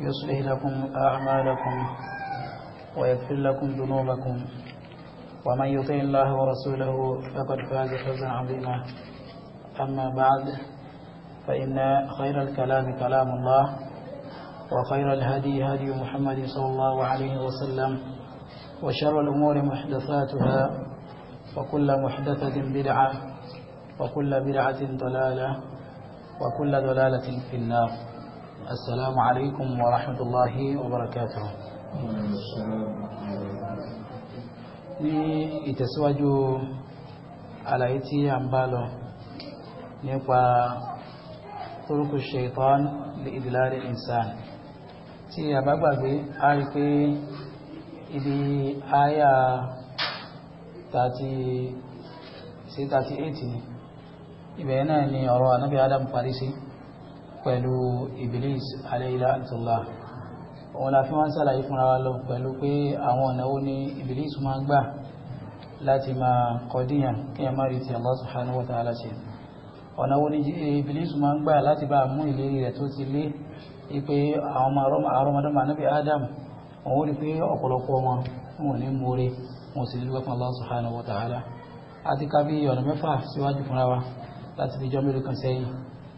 يصلح لكم أعمالكم ويغفر لكم ذنوبكم ومن يطع الله ورسوله فقد فاز فوزا عظيما أما بعد فإن خير الكلام كلام الله وخير الهدي هدي محمد صلى الله عليه وسلم وشر الأمور محدثاتها وكل محدثة بدعة وكل بدعة ضلالة وكل ضلالة في النار السلام عليكم ورحمة الله وبركاته ní ìtẹ̀síwájú àlàyé tí a ń bá lọ nípa turuku shaitan li idlali insan tí a bá gbàgbé a rí pé ibi àyà 38 ni ibẹ̀ náà ni ọ̀rọ̀ anábì adam parí sí pẹ̀lú Iblis alayhila antullah òun la fi wọ́n sàlàyé fúnra wa lọ pẹ̀lú pé àwọn ọ̀nà wo ni Iblis máa ń gbà láti máa kọdíyàn kí a máa rí ti Allah subhanahu wa ta'ala ṣe ọ̀nà wo ni Iblis máa ń gbà láti bá mú ìlérí rẹ̀ tó ti lé ipe àwọn arọmọdọ́mọ anábì Adam òun rí pé ọ̀pọ̀lọpọ̀ wọn wọn ní múre wọn sì nílùú fún Allah subhanahu wa ta'ala àti ká ọ̀nà mẹ́fà síwájú fúnra wa láti fi jọ́ mélòó kan sẹ́yìn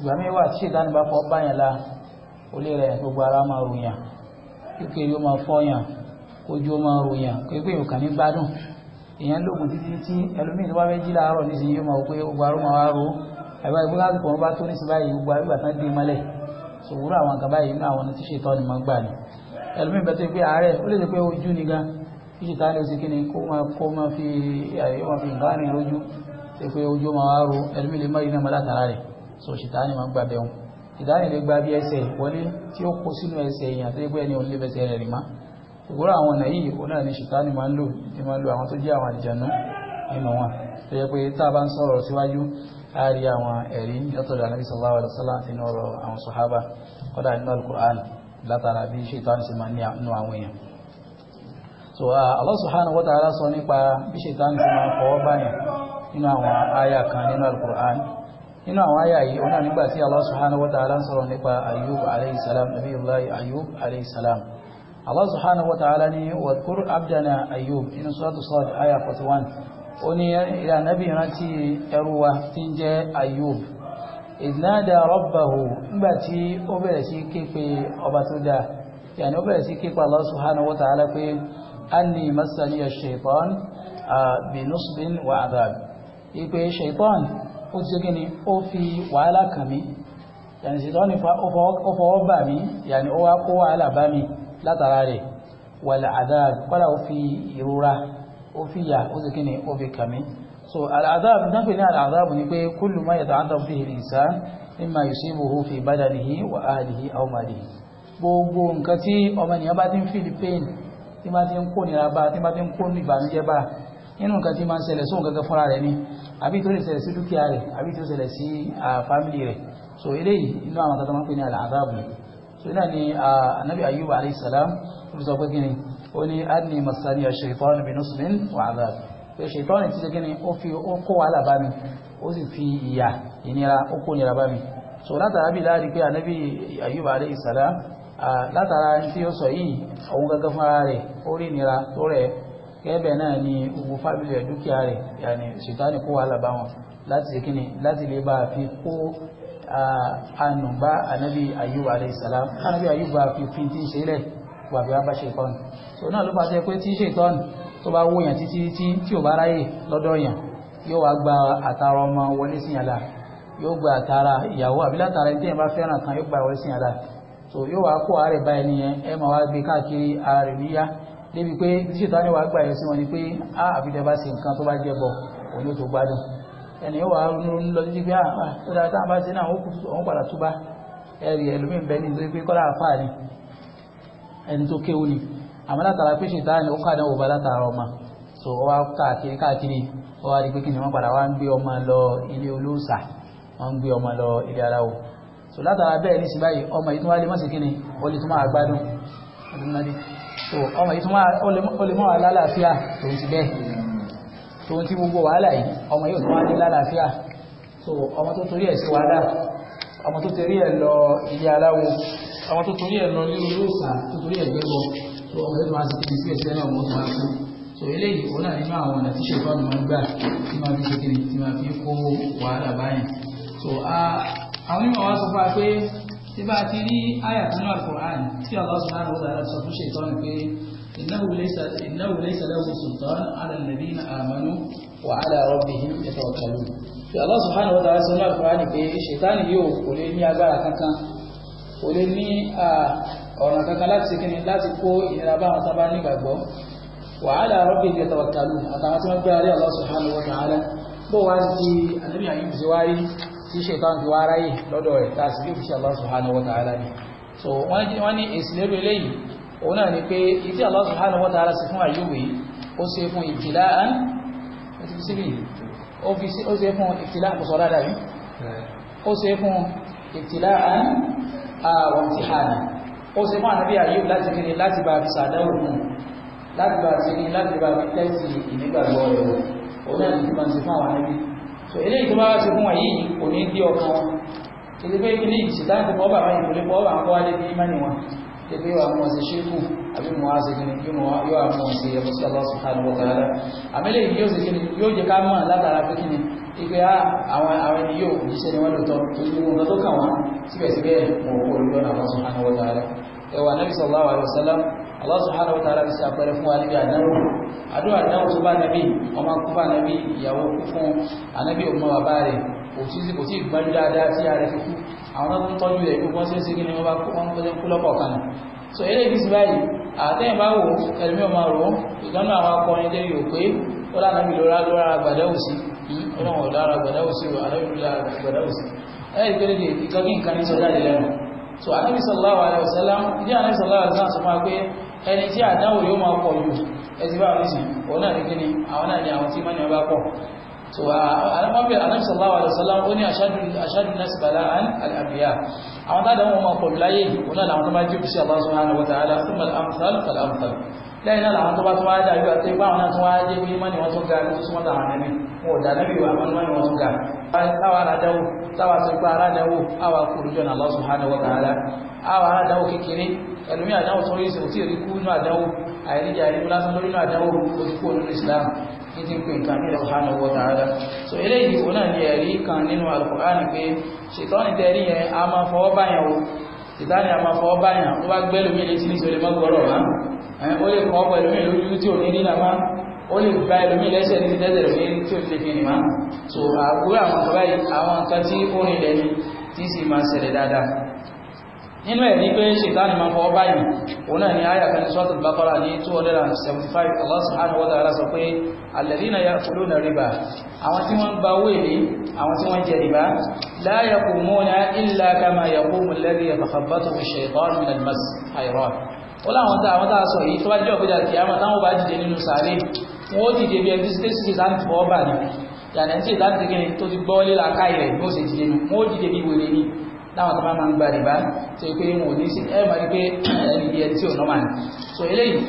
ìgbà mi wà tí ìdáni bá fọ báyẹn la olè rẹ gbogbo ara máa ròyàn kékeré ó máa fọyàn ojú ó máa ròyàn pépé ìkàn ní gbádùn èèyàn lóògùn títí tí ẹlòmíì tó bá fẹ́ jí láàárọ̀ nísìnyí yóò máa wò pé gbogbo ara máa wá ro ẹ̀bá ìgbó lásìkò wọn bá tó nísìnyí báyìí gbogbo àgbà tán dé mọ́lẹ̀ sòwúrọ̀ àwọn nǹkan báyìí inú àwọn tí ṣètọ́ ni máa gbà ní ẹlòmíì bẹ́ẹ̀ tó pé ààrẹ ó lè pé ojú ni gan ìṣètá ni ó sì kíni kó máa fi nǹkan rìn lójú ṣe pé ojú máa wá ro ẹlòmíì lè má yí náà mọ́ látara rẹ̀ so ṣìtáni máa ń gbà bẹ̀rù ṣìtáni lè gba bí ẹsẹ̀ wọlé tí ó kó sínú ẹsẹ̀ èèyàn tó gbé ẹni òun lè bẹ̀sẹ̀ rẹ̀ rì má ìgbóra àwọn ọ̀nà yìí òun náà ni ṣìtáni máa ń lò ní máa ń lo àwọn tó jẹ́ àwọn àlìjànú nínú wọn tó yẹ pé tá a bá ń sọ̀rọ̀ síwájú a àwọn ẹ̀rí látọ̀dọ̀ anábì sallallahu alaihi wasallam àti ọ̀rọ̀ àwọn sàhábà kọ́dà nínú alukur'an látara bí ṣètánì sì máa ń nú àwọn èèyàn so Allah subhanahu wa ta'ala sọ nípa bí ṣètánì sì máa ń fọwọ́ báyàn nínú àwọn àyà kan nínú alukur'an nínú àwọn àyà yìí ọ̀nà nígbà tí Allah subhanahu wa ta'ala ń sọ̀rọ̀ nípa Ayyub alayhi salam nabiyullahi Ayyub alayhi salam Allah subhanahu wa ta'ala ni wadhkur abdana Ayyub inú suratu Sad àyà 41 ó ní ìyá nábì rántí ẹrú tí ń jẹ́ Ayyub ìdínádà rabbahu nígbà tí ó bẹ̀rẹ̀ sí képe ọba tó dáa yàní ó bẹ̀rẹ̀ sí képe Allah subhanahu wa pé anni masaniya shaitan ah, bi nusbin wa adab ipe shaitan ó ti gíní ó fi wàhálà kàn mí yàní ṣètò ní ó fọwọ́ bà mí yàní ó wá kó wàhálà bá mi látara rẹ̀ wàlẹ̀ àdáàb kọ́lá ó fi ìrora ó fi yà ó ti gíní ó fi kàn mí so àdáàb dápẹ́ ní àdáàb ni pé kullu ma yata'addab bihi al-insan mimma yusibuhu fi badanihi wa ahlihi aw malihi gbogbo nǹkan tí ọmọ ènìyàn bá ti ń feel pain tí bá ti ń kó nira bá tí bá ti ń kó ìbànújẹ́ bá nínú nǹkan tí máa ń ṣẹlẹ̀ sóhun gẹ́gẹ́ fúnra rẹ̀ ni àbí tó lè ṣẹlẹ̀ sí dúkìá rẹ̀ àbí tó ṣẹlẹ̀ sí fámìlì rẹ̀ so eléyìí inú àwọn kan tó máa ń pè ní àlàáfáàbù so náà ni anabi ayub alayhi salam tó fi sọ pé kíni ó ní adni masani ash-shaytan bi nusbin wa adhab pé ṣètọ́ ni ti ṣe kíni ó fi ó kó wàhálà bá mi ó sì fi ìyà ìnira ó kó nira bá mi so látara bí láàrin pé anabi ayub alayhi salam látara tí ó sọ yìí òun gẹ́gẹ́ fúnra rẹ̀ ó rí ìnira tó rẹ̀ kẹ́ẹ̀bẹ̀ náà ni owó fábílì ẹ̀ dúkìá rẹ̀ yàní ṣètánì kó wà lábá wọn láti ṣe kíni láti lè bá fi kó àánú bá anábì ayúbà alayhi salam anábì ayúbà fi fi tí ń ṣe rẹ̀ wà bí wá bá ṣètánì so náà ló bá ṣe pé tí ṣètánì tó bá wó yàn títí tí tí ò bá ráyè lọ́dọ̀ yàn yóò wá gba àtàrà ọmọ wọlé sí yàrá yóò gba àtàrà ìyàwó àbí látara ẹni tí yẹn bá fẹ́ràn kan yóò gba wọlé sí yàrá so yóò wá kó àárẹ̀ báyìí nìyẹn ẹ máa wá gbé káàkiri àárẹ̀ níyà débi pé ṣètò àníwá gbà yẹn sí wọn ni pé á àfihàn bá ṣe nǹkan tó bá jẹ bọ òun tó gbádùn ẹni yóò wá lọ títí pé ó dáa tá a bá ṣe náà òun padà túbá ẹrì ẹlòmíín bẹ ní nítorí pé kọ́lá àfáà ni ẹni tó kéwu ni àmọ́ látara pé ṣètò àní ó kàdán òbá látara ọmọ so ó wá káàkiri káàkiri ó wá rí pé kí ni wọ́n padà wá ń gbé ọmọ lọ ilé olóòṣà wọ́n ń gbé ọmọ lọ ilé aláwo so látara bẹ́ẹ̀ ní sí báyìí ọmọ yìí tún wá lé mọ́sí kí ni ó lè tún máa gbádùn ọdún náà so ọmọ yìí tún wá ó lè mọ́ wà lálàáfíà tó ti bẹ́ẹ̀ tó ti gbogbo wàhálà yìí ọmọ yìí tún wá ní lálàáfíà so ọmọ tó torí ẹ̀ sí wàhálà ọmọ tó torí ẹ̀ lọ ilé aláwo ọmọ tó torí ẹ̀ lọ nínú ilé ìsà tó torí ẹ̀ gbẹ́bọ so ọmọ yìí tún wá sí ibi sí ẹsẹ̀ náà máa ń tí bá ti rí àyà nínú alukur'an tí Allah subhanahu wa ta'ala sọ fún ṣètọ́nù pé innahu laysa innahu laysa lahu sultan ala alladhina amanu wa ala rabbihim yatawakkalun tí Allah subhanahu wa ta'ala sọ nínú alukur'an pé ṣètánì yóò kò lè ní agbára kankan kò lè ní ọ̀nà kankan láti ṣe kíni láti kó ìnira bá àwọn tábà nígbàgbọ́ wa ala rabbihim yatawakkalun àtàwọn tí wọ́n gbé tí ṣètàn fi wá ráyè lọ́dọ̀ rẹ̀ tá a sì fi Allah subhanahu wa ta'ala ni so wọ́n ní èsì lérò eléyìí òun náà ni pé ìdí Allah subhanahu wa ta'ala sí fún àyùwé ó ṣe fún ìtìlá án ó ṣe fún ìtìlá àkùsọ̀ dáadáa yìí ó ṣe fún ìtìlá án àwọn ìtìhánà ó ṣe fún ànábì àyùwé láti kiri láti bá ti sàdáwò fún láti bá ti ní láti bá ti tẹ́sí ìnígbàgbọ́ rẹ̀ òun náà ni so eléyìí tó bá wá sí fún wọ̀nyí kò ní dí ọkàn wọn tètè pé kí ní ìṣìtàn tó bọ́ bàbá ìpínlẹ̀ bọ́ bá ń kọ́ wálé ní mẹ́rin wọn tètè pé wàá mú ọ̀sẹ̀ ṣékù àbí mú wá sí kí ni yóò mú ọ̀sẹ̀ ẹ̀kọ́ sí Allah subhanahu wa ta'ala àmẹ́lẹ̀ yìí yóò sì kí ni yóò jẹ́ ká mọ̀ látara pé kí ni ipe àwọn ẹni yóò jíṣẹ́ ni wọ́n lò tọ́ gbogbo nǹkan tó kàn wọ́n síbẹ̀síbẹ̀ mọ̀ Allah subhanahu wa ta'ala fi ṣe àpẹẹrẹ fún wa níbi àdánwò àdúrà àdánwò tó bá nàbí ọmọ kú bá nàbí ìyàwó kú fún ànábì ọmọ bàbá rẹ̀ kò tí gbájú dáadáa tí a rẹ̀ fi kú àwọn ọmọ tọ́jú rẹ̀ gbogbo ṣe é ṣe kí ni wọ́n bá kú wọ́n kọjá kú lọ́pọ̀ kan so eléyìí bí síbáyìí àtẹ́yìn bá wò ẹ̀lmí ọmọ rò ìgbọ́nà àwọn akọrin tẹ́lẹ̀ yóò pé ó lánàbí lóra lóra gbàdáwò sí ọlọ́run hmm, ọ̀dára gbàdáwò sí ọ̀dára gbàdáwò sí ẹ̀yìn pé lè ìkọ́kí nǹkan ní sọ jáde so anábì sallallahu alaihi wasallam ní anábì sallallahu alaihi wasallam sọ máa pé ẹni tí àdáwò yóò máa pọ̀ jù ẹti bá wọn sì òun náà ní kí ni àwọn náà ní àwọn tí mọ́ni ọba pọ̀ so alámọ́bẹ̀ anábì sallallahu alaihi wasallam ó ní ashaddu nasi bala'an al-anbiya àwọn tá àdáwò máa pọ̀ láyé òun náà làwọn tó máa jù sí Allah subhanahu wa ta'ala thumma al-amthal fal-amthal lẹ́yìn náà làwọn tó bá tún wá dá ìgbà ipá àwọn náà tún jẹ́ bí mọ́ni wọn tún ga ní tó súnmọ́ tàwọn ẹni wọn ò dá lẹ́bí mọ́ni wọn tún ga táwa sọ pé ara náwó àwa kú lójú ọ̀nà Allah subhanahu wa ta'ala àwa ara náwó kékeré ẹlòmí àdáwò tó rí ìsìnkú tí èrí kú inú àdáwò àìríjà àìríwú lásán lórí inú àdáwò òsìkú olórí Islam ní ti ń pè nǹkan ní subhanahu wa ta'ala so eléyìí òun náà ni ẹ̀rí kan nínú Al-Qur'an pé ṣètọ́ni tẹ́rí yẹn a máa fọwọ́ báyàn o ìtàní àmà fọ́ báyàn ó bá gbẹ́lùmí lè kọ́ ní nínà ó lè gba ẹlòmí lẹ́sẹ̀ ní lẹ́sẹ̀ rẹ̀ tí ó lè fi ní so àwúrà àwọn ọ̀rọ̀ yìí àwọn nǹkan tí ó rìn lẹ́ni tí sì máa ṣẹlẹ̀ dáadáa nínú ẹ̀ ní pé ṣètánì máa fọwọ́ báyìí òun náà ni àyà kan sọ́tù bákọ́rà ní 275 Allah subhanahu wa ta'ala sọ pé alladhina ya'kuluna riba àwọn tí wọ́n gba owó èlé àwọn tí wọ́n jẹ riba la yaqumuna illa kama yaqumu alladhi yatakhabbathu ash-shaytanu min al-mas ayran ó láwọn tá àwọn tá a sọ yìí wọ́n dìde bí ẹni tí sì sáà ń ọba ọ́bà ni yàrá tí ìdá ti gẹ́ni tó ti gbọ́ líla káì rẹ̀ ní ni wọ́n dìde bí wèrè ni láwọn tó máa ń gba rìbá tó pé wọn ò ní sí ẹ máa rí pé ẹni bí ẹni tí ò eléyìí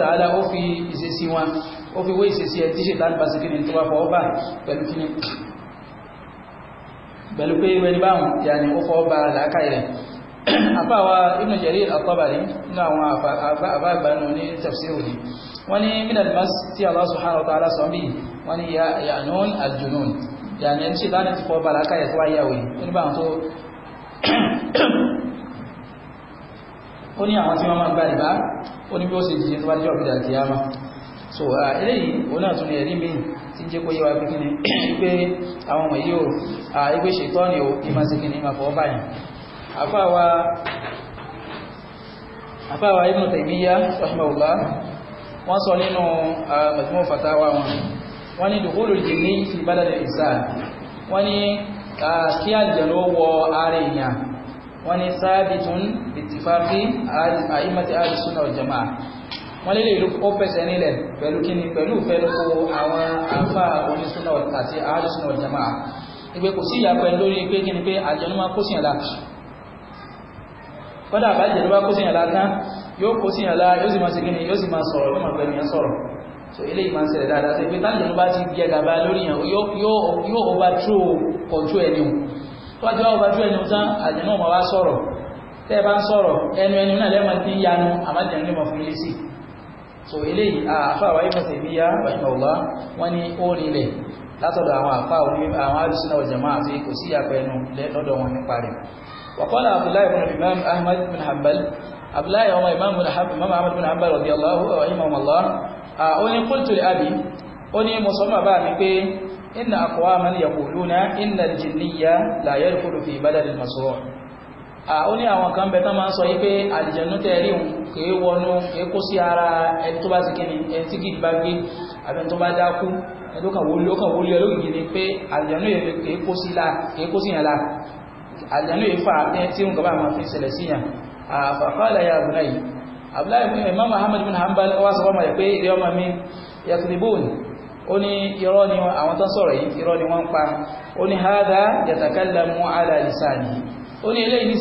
wa ó fi ìṣesí wọn ó fi wé ìṣesí ẹ tí bá tó fọ ọba pẹ̀lú kíni pẹ̀lú pé ẹni báwọn ó fọ wọ́n ní minal mas tí Allah subhanahu wa ta'ala sọ bí wọ́n ní ya'nun al-junun yàní ẹni tí ìlànà ti fọ́ bala káyẹ̀ tó wáyà wẹ̀ ó ní bá àwọn tó ó ní àwọn tí wọ́n máa gba ìbá ó ní bí ó ṣe jìjì tó bá jẹ́ ọ̀gbìn àti yàmá so eléyìí òun náà tún ní ẹ̀rí mi tí jẹ́ kó yẹ wa pé kí ni pé àwọn ọmọ yìí ò ẹgbẹ́ ṣètọ́ ni ò kí máa ṣe kí ni máa fọ́ báyìí àfáwa àfáwa Ibn Taymiyyah rahimahullah wọ́n sọ nínú uh, mọ̀tímọ̀ fatawa wọn wọ́n ní dùkúlù jìnnì ti bádàlẹ̀ ìsáà wọ́n ní uh, kí àjẹ̀ló wọ ààrẹ èèyàn wọ́n ní sáàbìtún ìtìfáfí àìmọ̀tí àdìsúnà ọ̀jọ̀mà wọ́n lélẹ̀ ìlú ó pẹ̀sẹ̀ nílẹ̀ pẹ̀lú kíni pẹ̀lú fẹ́lúkú àwọn àfà onísúnà àti àdìsúnà ọ̀jọ̀mà ìgbé kò sí ìyàpẹ̀ lórí pé kíni pé àjẹ̀ló máa kó sí ẹ̀lá kọ́dà àbájẹ̀ló bá kó sí ẹ̀lá tán yóò kó sí àlá yóò sì máa ṣe gíní yóò sì máa sọ̀rọ̀ yóò máa gbẹ̀mìyàn sọ̀rọ̀ so ilé ìmá ń ṣẹlẹ̀ dáadáa sí pé tánìyàn ló bá ti gẹ gàba lórí yàn yóò overthrow control ẹni hùn overthrow ẹni hùn tán àjẹ́ náà máa wá sọ̀rọ̀ tẹ́ ẹ bá ń so ilé àfà wáyé fẹsẹ̀ bí yá wàyíma ọ̀lá wọ́n ní ó nílẹ̀ látọ̀dọ̀ àwọn àfà orí àwọn àdùsínà ọ̀jẹ̀mọ́ àti kò sí àpẹẹnu lọ́dọ̀ wọn nípa rẹ̀ wàkọ́lá Abdullahi ibn Imam Ahmad bin Hanbal abdullahi ọmọ imam ahmad bin hanbal radiyallahu rahimahullah ó ní qultu li abi ó ní mo sọ bàbá mi pé inna aqwaman yaquluna inna al-jinniyya la yadkhulu fi balad al-masrur ó ní àwọn kan bẹ̀ tán máa ń sọ yí pé àlìjẹ̀nú tẹ́ rí òun kìí wọnú kìí kó sí ara ẹni tó bá ti kíni ẹni tí kìí bá gbé àbí tó bá dákú ẹni kan wọlé ọkàn wọlé ọlọ́gìgì ni pé àlìjẹ̀nú yẹn kìí kó sí yàn la àlìjẹ̀nú yẹn fà ẹni tí nǹkan bá máa fi ṣẹlẹ̀ síyàn Ah, fàkọ́lá ya bùnà yìí abdullahi bin imam ahmad bin hanbal wá sọ fọ́mọ̀ rẹ̀ pé ilé ọmọ mi yasribun ó ní irọ́ ni àwọn tán sọ̀rọ̀ yìí irọ́ ni wọ́n ń pa ó ní hádá yatakallamu ala lisani ó ní eléyìí ní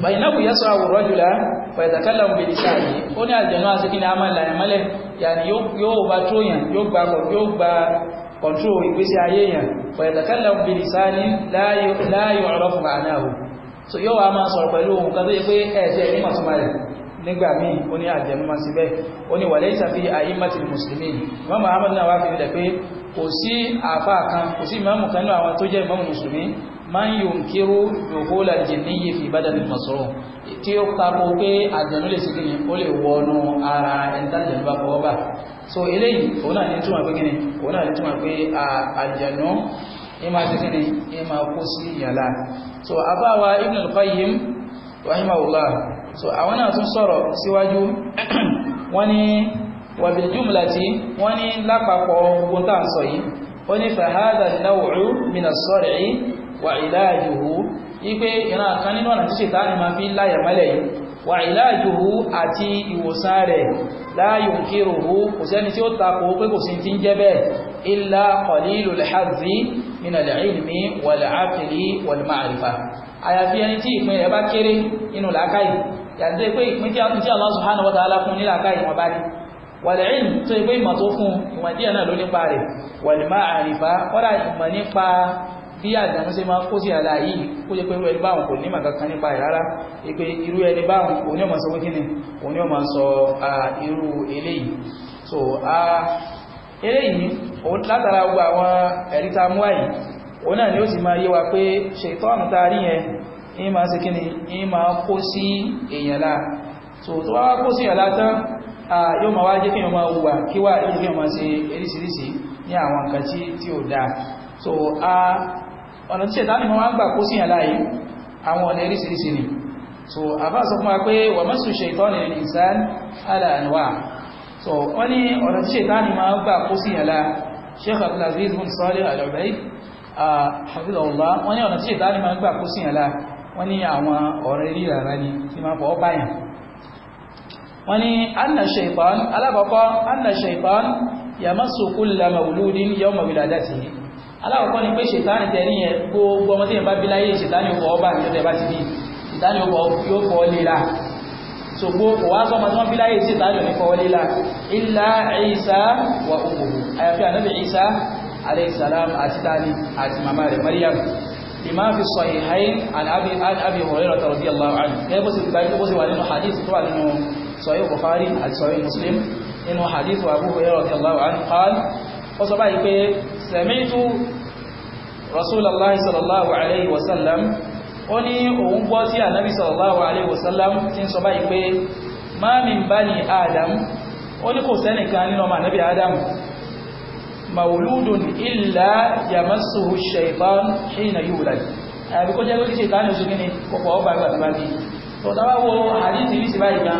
bayinabu yasu awurọ jula fayitakala mu bili saa yi ó ní àjẹnú asekini ama làyàmọlẹ yàni yóò bá tó yàn yóò gba yóò gba kọntró ìgbésí ayé yàn fayitakala mu bili saa ni láàyò ọ̀rọ̀ fún so yóò wá máa sọ̀rọ̀ pẹ̀lú ohun kan tó yẹ pé ẹ̀ẹ́dẹ́ ní màtúmá rẹ̀ nígbà míì ó ní àjẹnú máa síbẹ̀ ó ní wàlẹ́ ìsàfi ayé mati mùsùlùmí ìmọ̀ muhammadu náà wá fi rẹ̀ pé kò man yunkiru dukhul al-jinni fi badan al-masruh tí ó tako pé àjẹ̀nú lè ṣe kíni ó lè wọnú ara ẹ̀ńtàjẹ̀nú bá fọwọ́ bá so eléyìí òun náà ní túmọ̀ pé kíni òun náà ní túmọ̀ pé àjẹ̀nú ima ṣe kíni ima kó sí yàrá so abawa Ibn al-Qayyim rahimahullah so àwọn náà tún sọ̀rọ̀ síwájú wọ́n ní wàbí jùmlàtí wọ́n ní lápapọ̀ ogun tá à ń sọ yìí wọ́n ní fahadha an-naw'u min as wà ìlàjòhó wípé ìran kan nínú ọ̀nà tí ṣètánì máa fi láyẹ̀ mọ́lẹ̀ yìí wà ìlàjòhó àti ìwòsàn rẹ̀ láàyò kíròhó kò sẹ́ni tí ó takò pé kò sí ti ń jẹ́ bẹ́ẹ̀ illa qalilul tó ìgbé ìmọ̀ tó fún ìwọ̀n díẹ̀ náà ló nípa rẹ̀ wàlìmá àrífà kọ́dà ìmọ̀ nípa bí àdánù ṣe máa kó sí àlà yìí kó jẹ́ pé irú ẹni báwọn kò nímọ̀ kankan nípa ẹ̀ rárá pé irú ẹni báwọn òun ni sọ wíkí ni òun ni sọ irú eléyìí so eléyìí látara gbogbo àwọn ẹ̀rí ta mú náà ni ó sì máa yé wa pé ṣètọ́nù ta rí ṣe ni so tó wá kó sí èèyàn láà tán yóò máa wá jẹ́ kí èèyàn àwọn nǹkan tí ò dáa so a ọ̀nà tí ṣẹ̀tánì ma wá ń gbà kó sí aláyé àwọn ọ̀nà eríṣiríṣi ni so àbá sọ fún wa pé wà mọ́sù ṣẹ̀tánì ní ìsán aláàníwà so wọ́n ní ọ̀nà tí ṣẹ̀tánì ma ń gbà kó sí alá sheikh abdulaziz bin salih al-ubaid hafizahullah wọ́n ní ọ̀nà tí ṣẹ̀tánì ma ń gbà kó sí alá wọ́n ní àwọn ọ̀rẹ́ rírara ni tí ma fọ́ báyàn wọ́n aláwọ̀kọ́ ni pé ṣètánì tẹ̀rí yẹn gbogbo ọmọ tí yẹn bá bí láyé ṣètánì ọkọ̀ ọba àti ọ̀tẹ̀ bá ti bí ṣètánì ọkọ̀ yóò fọ́ léra so gbogbo wá sọ́mọ tí wọ́n bí láyé ṣètánì ò ní fọ́ léra ilá Ìsá wà òkò àyàfi ànábì Ìsá aleyhisalaam àti tani àti màmá rẹ̀ Maryam lima fi sahihayn an abi hurairah radiyallahu anhu gẹ́gẹ́ bó ti gba bó ti wà nínú hadith tó ó sọ báyìí pé sẹ̀mẹ́tù rasulallah sallallahu alaihi wasallam ó ní òun gbọ́ tí ànábì sallallahu alaihi wasallam ti ń sọ báyìí pé ma min bani adam ó ní kò sẹ́nìkan nínú ọmọ ànábì adam mauludun illa yamassuhu shaitan hina yulad àbí kó jẹ́ lórí ṣètàn oṣù gíní pọ̀pọ̀ ọba ìgbà bíbá bí tọ́tàwà wo àdíjì ní ìsìnbá ìgbà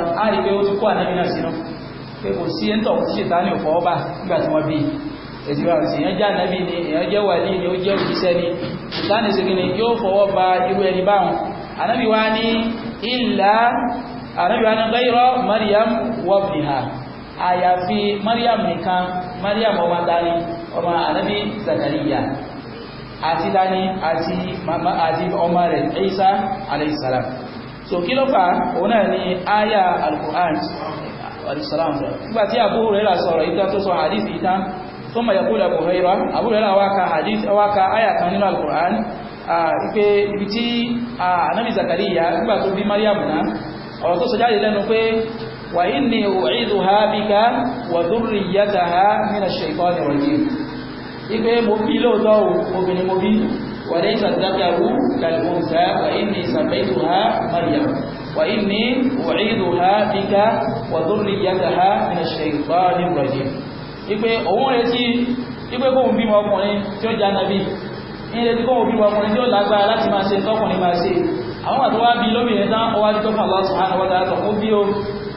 kò sí ẹ́ntọ̀ tí ṣètàn ò ọba nígbà wọ́n bí i ẹ̀dìbà ìyẹn jẹ́ ànábì ni èyàn jẹ́ wàlí ni ó jẹ́ òjíṣẹ́ ni ìtàní ìsìnkì ni yóò fọwọ́ ba irú ẹni báwọn ànábì wá ní ìlà ànábì wá ní gbẹ́yìrọ Maryam wọ́bìnà àyàfi Maryam nìkan Maryam ọmọ dání ọmọ ànábì Zakariya àti dání àti ọmọ rẹ̀ Isa alayhisalam so kí ló fà òun náà ni aya al ثم يقول أبو هريرة أبو هريرة واقع حديث واقع آية كان القرآن ipe ibi tí anábi zakariya nígbà tó bí mariamu náà ọ̀rọ̀ tó sọjáde lẹ́nu pé wà ní ní òwúrídù ha bí ká wà lórí yàtà ha nínú ṣẹ̀kọ́ ní ọ̀rọ̀ ipe mo bí lóòtọ́ obìnrin mo bí wà ní ìsàtàkàrú galibonsa wà ní ìsàmẹ́tù ha mariamu wà ní òwúrídù ha bí ká wà lórí yàtà ha nínú ṣẹ̀kọ́ ní ọ̀rọ̀ ipe òun retí ipe kóhun bímọ ọkùnrin tí ó jẹ́ ànábì ìrètí kóhun bímọ ọkùnrin tí ó lágbára láti máa ṣe tọkùnrin máa ṣe àwọn àti wá bí lóbìnrin tán ọwá tó fà lọ́sùn àwọn ọ̀dá àtọ̀ ó bí o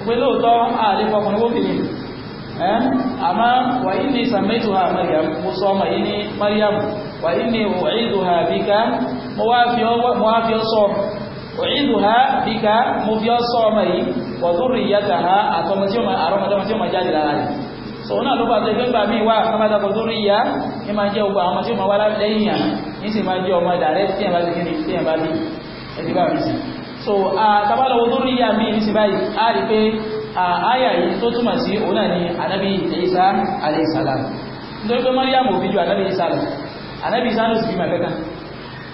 pé sọ ọmọ yí ní Maryam wà yí ha bíká mo wá fi jáde lára rẹ̀ sọ̀rọ̀ náà ló bá tó ẹgbẹ́ gbà mí wá kábàdàpọ̀ tó rí ìyá ní máa jẹ́ ogun àwọn ọmọ tí ó máa wá lẹ́yìn yàn ní sì máa jẹ́ ọmọ dàrẹ́ tí ẹ̀ so kábàdàpọ̀ tó ni anábì Ìsá alayhi salam nítorí pé Maryam ò fi ju anábì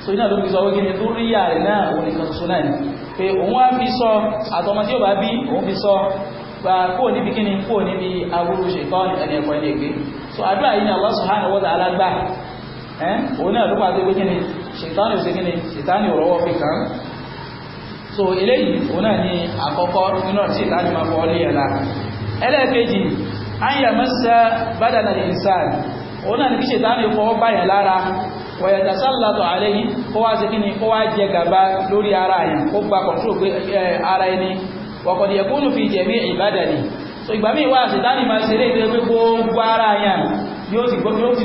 so iná ló fi sọ wípé ní tó rí ìyá rẹ̀ náà òun nìkan náà ni pé òun á fi sọ àtọmọ tí bá bí òun fi sọ kó níbi kíni kó níbi aburú ṣètọ́ ẹni ẹ̀kọ́ ẹni ègbé so àdúrà yìí ni Allah subhanahu wa ta'ala gbà ẹ́ òun náà ló pàdé pé kíni ṣètánì ò sí kíni so eléyìí òun náà ni àkọ́kọ́ nínú ṣètánì máa fọ́ lé ẹ̀la ẹlẹ́ẹ̀kejì ayàmọ́sá bádàlá ìsàn òun náà ni kí ṣètánì fọwọ́ báyà lára wọ̀yẹ̀tàsálàtọ̀ àlẹ́yìn kó wá sí kíni kó wá jẹ gàba lórí ara yẹn kó gba kọ̀tún ara ẹni wọ̀kọ̀dì ẹ̀kúnnù fi jẹ̀mí ìbádàlì so ìgbà míì wá ṣètánì máa ṣeré ìtẹ́ pé gbogbo ara yàn yóò ti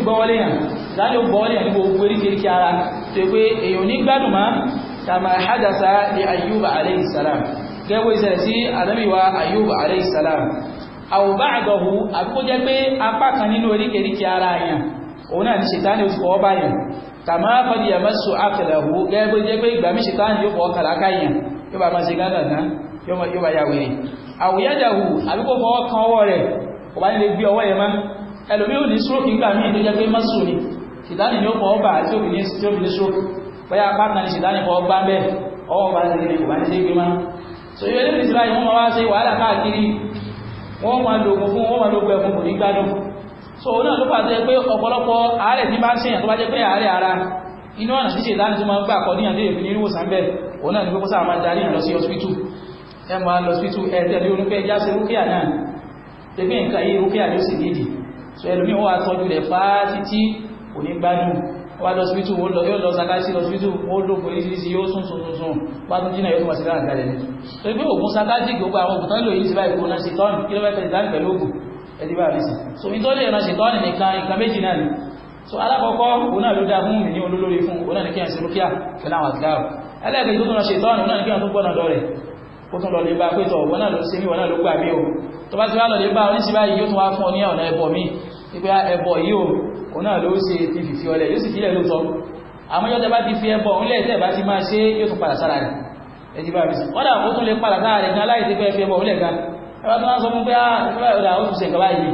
gbọ́ wọlé yàn láti ó gbọ́ wọlé yàn ní gbogbo eríkèríkè ara tó pé èyàn ní gbádùn má kàmà hadasa ní ayuba alayhi salam gẹ́gbó ìṣẹ̀lẹ̀ sí àdámìwá ayuba alayhi salam àwòbá àgọ̀hù àbíkó jẹ́ pé apá kan nínú eríkèríkè ara yàn òun náà ni ṣètánì ó ti kọ́ báyàn ka kọ́dí yàmásù àkìlẹ̀hù gẹ́gẹ́ bó jẹ́ pé ìgbà mí ṣetán yóò pọ̀ ya wèrè àwòyájàhù àbíkó fọwọ́ kan ọwọ́ rẹ̀ kò bá nílé gbé ọwọ́ yẹn má ẹlòmí ò ní stroke nígbà míì tó jẹ́ pé mọ́sù ni ṣetán ọba tí ó fi ní stroke ya pátá ni ṣetán fọwọ́ gbá bẹ́ẹ̀ ọwọ́ bá so yóò fún so náà ló pàṣẹ pé ọ̀pọ̀lọpọ̀ ààrẹ tí bá ń ṣèyàn tó bá jẹ́ pé ààrẹ ara inú ọ̀nà tí ṣètà ní tó máa ń gbà kọ́díyàn tó èmi nírú wòsàn bẹ́ẹ̀ ni pé kó sáà máa darí lọ hospital ẹ máa lọ hospital ẹ tẹ̀lé onípẹ́ já sí rúkìá náà pé pé nǹkan yìí rúkìá ló sì nídi so ẹlòmíì o wá tọ́jú rẹ̀ fá títí kò ní gbádùn wọ́n lọ hospital wọ́n lọ yóò lọ sakasi lọ hospital wọ́n lò pé oríṣiríṣi yóò sùn sùn sùn bá tún jìnnà yóò tún wá sí láàgbà rẹ̀ ni so pé oògùn sakasi gbogbo àwọn oògùn tán lò yìí sí báyìí kò náà ṣe tọ́nù kí ló fẹ́ tẹ̀lé ẹdíbà àrísì so in tó lè ràn ṣètọ́nì nìkan nǹkan méjì so alákọ̀ọ́kọ́ òun náà ló dá fún mi ní olólórí fún òun náà ní kí ẹ̀ sí rúkíà pẹ̀lú àwọn àgbáwò ẹlẹ́gbẹ̀ẹ́ tó tún ràn ṣètọ́nì òun náà ní kí ẹ̀ tó gbọ́nà dọ́rẹ̀ ó tún lọ lè bá pẹ́tọ̀ òun náà ló ṣe mí òun ní ọ̀nà ẹbọ mi ìpé ah, ẹbọ yìí o òun náà ló ṣe ti fìfì ọlẹ̀ yóò ti fi ẹbọ òun lẹ́ẹ̀tẹ́ ti máa ṣe yóò tún padà sára rẹ̀ ẹ̀dí bá rí sí wọ́n dà ó tún lè padà sára rẹ̀ gan láì ti fẹ́ fi ẹbọ òun lẹ̀ gan ẹwà tó wá sọ fún pé ààrẹ ah, ọ̀dà ó ti ṣe nǹkan báyìí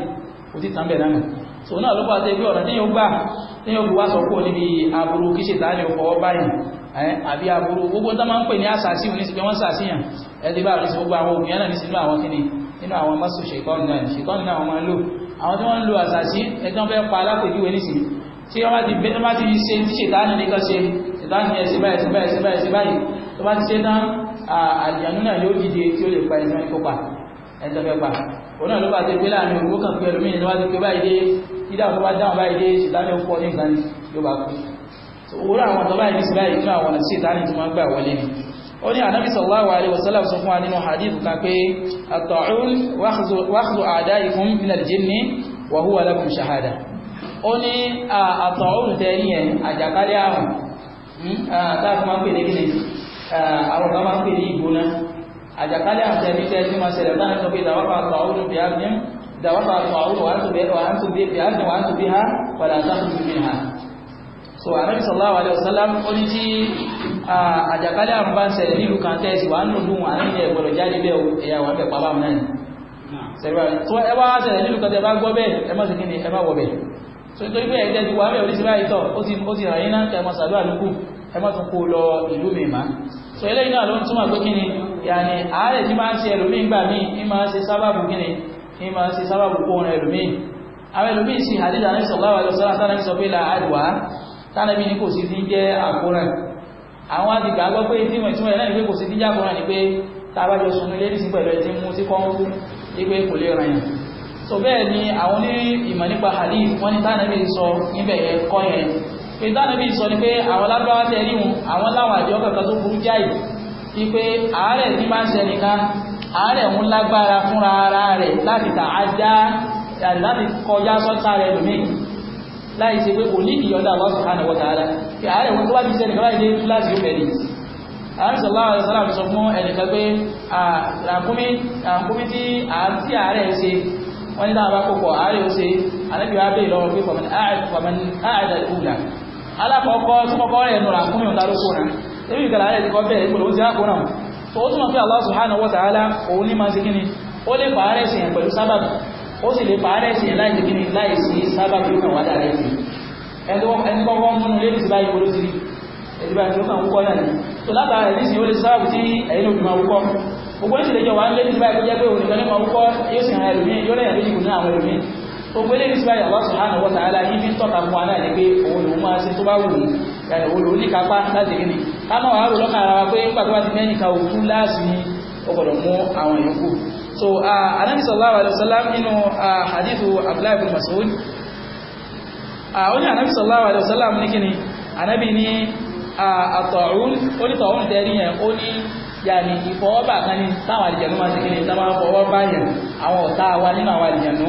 kò ti tàn bẹ̀ náà so náà ló pàtẹ́ pé ọ̀nà tí yóò gbà tí yóò wá sọ kúrò níbi aburú kí ṣe tàà ní ọkọ̀ báyìí àbí aburú gbogbo tó máa ń pè ní àṣàṣì òní sí pé wọ́n ṣàṣìyàn ẹ̀dí bá rí sí gbogbo àwọn òmìnira náà ní sínú àwọn kíni nínú àwọn mọ́sù ṣèkọ́nù náà ṣèkọ́nù náà wọ́n máa ń lò àwọn tí wọ́n ń lo àṣàṣì ẹjọ́ fẹ́ pa alápèjúwe nísìnyí tí wọ́n bá ti ṣe tí àjànú náà yóò dìde tí ó lè pa ẹ̀sán ìkópa ẹni tó fẹ́ pa òun náà ló bá ti gbé láàrin owó kan pé ẹlòmíì ló bá ti gbé báyìí dé dídá tó bá dáhùn báyìí dé ṣìdáni ó pọ̀ ní nǹkan ní ló bá kú owó àwọn ọ̀tọ̀ báyìí ní síláyìí nínú àwọn ọ̀nà sí ìtàní tó máa ń gbà wọlé ni ó ní ànábì sallallahu alaihi wasallam sọ fún wa nínú hadith kan pé àtọ̀ún wáxù àdá ìfún minal jinni wa huwa lakum shahada ó ní àtọ̀ún tẹ́rí ẹ̀ àjàkálẹ̀ àrùn hmm? táàkì máa ń máa ń pè ní ìgbóná àjàkálẹ̀ àti ẹ̀mí tẹ́ tí máa ṣẹlẹ̀ láàrin sọ pé ìdáwọ́pá àtọ̀ọ́rùn bí ábí ìdáwọ́pá àtọ̀ọ́rùn wà tó bẹ́ẹ̀ wà tó bí ábí wà tó bí ha padà sáfù bí ha so ànábì sallallahu alaihi wasallam ó ní tí àjàkálẹ̀ àrùn bá ń ṣẹlẹ̀ nílùú kan tẹ́sí wà nù lùn ànábì ẹ̀ gbọ́dọ̀ jáde bẹ́ẹ̀ ẹ̀yà wà bẹ́ẹ̀ pàbá náà sẹ́gbà tó ẹ wá ṣẹlẹ̀ nílùú kan so nítorí pé ẹ̀jẹ̀ ti wà bẹ́ẹ̀ orí sí báyìí tọ̀ ó ti ó ti ràyìn náà kẹ́ ẹ má so eléyìí náà ló ń túmọ̀ pé yàní àárẹ̀ tí máa ń ṣe ẹlòmí ń gbà mí ní máa ń ṣe sábàbù gíní ní máa ń ṣe sábàbù kóhun ẹlòmí àwọn ẹlòmí sí hadith àní sallallahu alaihi wasallam tánàbí sọ pé là àdùá tánàbí ní kò sí ti jẹ́ àkóràn àwọn àdìgbà gbọ́ pé tí wọ́n ìtumọ̀ náà ni pé kò sí ti jẹ́ àkóràn ni pé ni àwọn ní ìmọ̀ nípa hadith wọ́n ní tánàbí sọ níbẹ̀ yẹn kọ́ yẹn pé tánàbí sọ ni pé àwọn sí pé àárẹ̀ tí máa ń ṣe nìkan àárẹ̀ ń lágbára fúnra ara rẹ̀ láti tà ájá láti kọjá sọ́tà rẹ̀ lómi láì ṣe pé kò ní ìyọ̀dá Allah subhanahu wa ta'ala kí àárẹ̀ wọn tó bá ti ṣe nìkan láì dé kíláàsì ó bẹ̀rẹ̀ àárín sọ̀lá àwọn ìsọ́lá sọ fún ẹnìkan pé àràkúmí àràkúmí tí àti àárẹ̀ ṣe wọ́n ní dáàbá kókò àárẹ̀ ó ṣe àlẹ́bí wa bèèrè lọ́wọ́ pé fọmọdé àádà ìkúlà alákọ̀ọ́kọ́ tó kọ́kọ́ rẹ̀ nù ebi ìgbàlá ayẹ́ ti kọ́ bẹ́ẹ̀ ìpòlò ó ti rákùnrà so ó túnmọ̀ pé Allah subhanahu wa ta'ala òun ní máa ṣe kíni ó lè pàárẹ̀ sí yẹn pẹ̀lú sábàbí ó sì lè pàárẹ̀ sí yẹn láì sí kíni láì sí sábàbí ó kàn wá dára ẹ̀sìn ẹni kọ́kọ́ múnú lé ti báyìí polóti rí ẹni báyìí ó kàn wúkọ́ náà ni so látara ẹ̀rí sí ó lè sábàbí tí ẹ̀yin òbí máa wúkọ́ gbogbo ní gbogbo eléyìí tí báyìí Allah subhanahu wa ta'ala yìí fi ń tọ́ka fún wa náà ni pé òun lòun máa ṣe tó bá wù ú yàtọ̀ òun lòun ní kápá láti rí ni ká máa wàá rò lọ́kàn ara wa pé nígbà tó bá ti mẹ́rin ka òkú láàsì ni ó gbọ́dọ̀ mú àwọn èèyàn kù. so anabi sallallahu alayhi wa sallam nínú hadithu abdullahi bin mas'ud ó ní anabi sallallahu alayhi wa sallam ní kíni anabi ní àtọ̀rún ó ní tọ̀rún tẹ́rí yẹn ó ní yàní ìfọwọ́bà kan ní táwọn àlìjẹ̀nú máa ti kíni táwọn fọwọ́ báyẹn àwọn ọ̀tá wa nínú àwọn àlìjẹ̀nú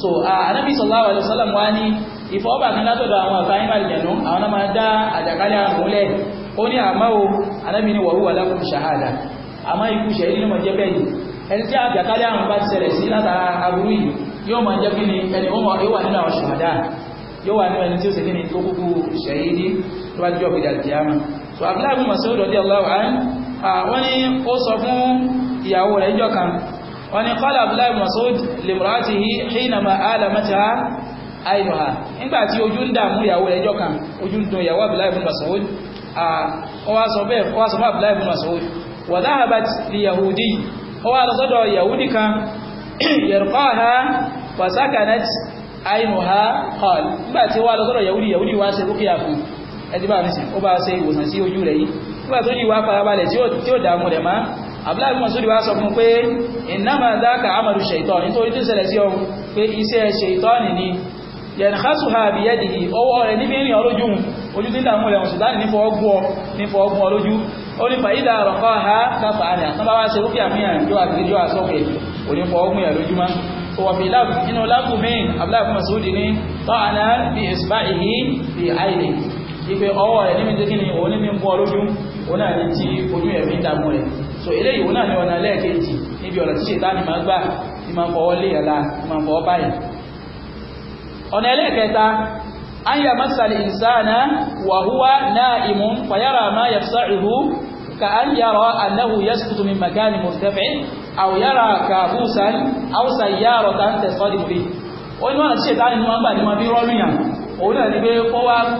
so anabi uh, sallallahu alayhi wa sallam wá ní ìfọwọ́bà kan látọ̀dọ̀ àwọn ọ̀tá yín bàlẹ̀ nù àwọn náà máa dá àjàkálẹ̀ àrùn múlẹ̀ ó ní àmọ́ o anabi ní wàhúwà lakum shahada àmọ́ ikú ṣẹ̀yìn ní mo jẹ́ bẹ́ẹ̀ yìí ẹni tí àjàkálẹ̀ àrùn bá ti ṣẹlẹ̀ sí látara aburú yìí yóò máa jẹ́ kí ni ẹni ó wà nínú àwọn ṣùhàdá yóò wà nínú ẹni tí ó sì kí ni tó kúkú ṣẹ̀yìn ní tó bá jọ gbèdà kìámà so abdullahi masoud radiyallahu anhu wọ́n o ó sọ fún ìyàwó rẹ̀ kan wani qala abdullahi masud limratihi hinama alamata ainuha nígbà tí ojú ń dààmú ìyàwó ẹjọ́ kan ojú ń dùn ìyàwó abdullahi ibn masud ó wá sọ bẹ́ẹ̀ ó wá sọ bá abdullahi yahudi ó yahudi kan yarqaha wa sakanat ainuha abdullahi masudi wa sọ fún pé ìnáma dáka amadu ṣètọ́ nítorí tó ṣẹlẹ̀ sí ọ̀hún pé iṣẹ́ ṣètọ́ nìní yẹnìkásù ha bí yẹ́dì ọwọ́ rẹ̀ níbi ìrìn ọlójú ojú tí dàmú rẹ̀ ọ̀sùn láti nífọ̀ ọgbọ́ nífọ̀ ọgbọ́ ọlójú ó ní fàídà rọ̀kọ́ ha káfà àdà tán في عينه ipe ọwọ́ rẹ̀ níbi jẹ́ kí ni òun ní bí ń bọ́ lójú òun náà ní tí ojú ẹ̀mí ìdàmú rẹ̀ so eléyìí wọn náà ní ọ̀nà lẹ́ẹ̀kejì níbi ọ̀nà tí ṣètánì máa gbà ní máa fọwọ́ lé ẹ̀la ní máa fọwọ́ báyìí ọ̀nà ẹlẹ́ẹ̀kẹta an yà masàlì ìsáàna wà húwá náà ìmú fayára máa yà sáàrùhù ka an yàrá annahu ya sukutu min makani mustapha au yàrá ka húsan au sayyaro ta ń tẹ̀sọ́dì fi ó ní wọ́n ti ṣètánì ní wọ́n gbà ní wọ́n bí rọ́rùyàn òun náà ni pé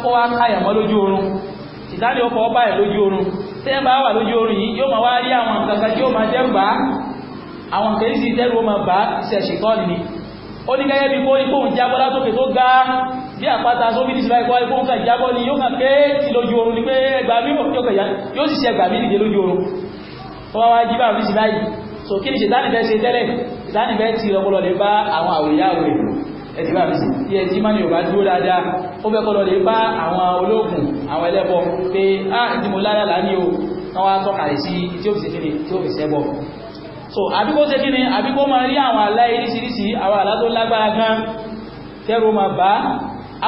kọ́wá káyàmọ́ lójú oorun ìdáni báyìí lójú oorun tẹ́yìn bá wà lójú orin yìí yóò máa wá rí àwọn kankan tí ó máa dẹ́rù bá àwọn kan sì dẹ́rù ó máa bá iṣẹ́ ṣètọ́ nìyí ó ní gẹ́gẹ́ bí kórí kóhùn jábọ́ látókè tó ga bí àpáta sóbí ní ìsìláì kọ́rí kóhùn kan jábọ́ ni yóò kàn pé tí lójú oorun ni pé ẹgbà mí yóò kẹ̀yà yóò sì ṣe ẹgbà mí lójú oorun ó wá wá jí bá ní ìsìláì so kí ni ṣètánì fẹ́ ṣe tẹ́lẹ̀ ìsìláì fẹ́ ti rọpọlọ lè bá àwọn àwòyá ẹ̀sìn bá mi sí tí ẹ̀sìn máa ní ò bá dúró dáadáa ó fẹ́ kọ́lọ́ lè bá àwọn ológun àwọn ẹlẹ́bọ pé á ah, ìdí mo lára lá ní o wọ́n wá sí tí ó fi ṣe tí ó fi ṣẹbọ so àbí kó ṣe kíni àbí kó máa rí àwọn àlá irísirísi àwọn àlá tó lágbára gan tẹ́rù máa bá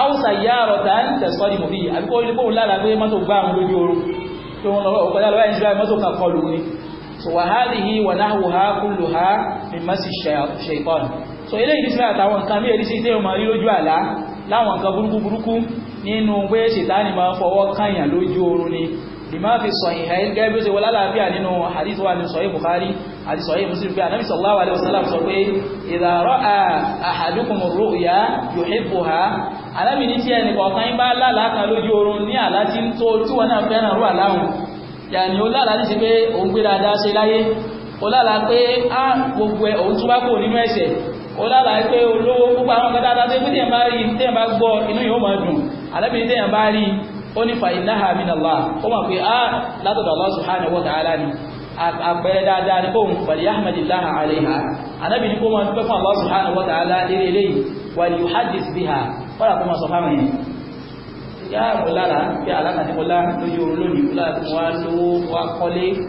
áwùsà yá àrọ̀tà ń tẹ̀sọ́ ni mo fi àbí kó rí bóun lára pé mọ́tò gbá àwọn lójú so wàhálì yìí wà náà wò ha so ilé ìdísí àtàwọn nǹkan bí èdísí tí o máa rí lójú àlá láwọn nǹkan burúkú burúkú nínú pé ṣètáni máa fọwọ́ kànyàn lójú oorun ni lima fi sahihayn gẹ́gẹ́ bí ó ṣe wọ́n lálàáfíà nínú hadith wa ní sahih Bukhari àti sahih Muslim pé anábì sallallahu alaihi wasallam sọ pé idha ra'a ahadukum ar-ru'ya yuhibbuha anábì ní tí ẹnì kọ̀ọ̀kan ń bá lálàá kan lójú oorun ní àlá tí ń ó lálàá pé òun ah, gbogbo ẹ̀ òun túbá kò nínú ẹ̀ṣẹ̀ ó lálàá pé olówó púpọ̀ àwọn kan dáadáa pé téèyàn bá rí téèyàn bá gbọ́ inú yóò máa dùn àlẹ́bìnrin téèyàn bá rí ó ní fa innaha min Allah ó mọ̀ pé á ah, látọ̀dọ̀ Allah subhanahu wa ta'ala ni àpẹẹrẹ dáadáa ní kóhun pẹ̀lú yahmadillahi alayha anábìnrin kó máa dúpẹ́ fún Allah subhanahu wa ta'ala lérè eléyìí wà ní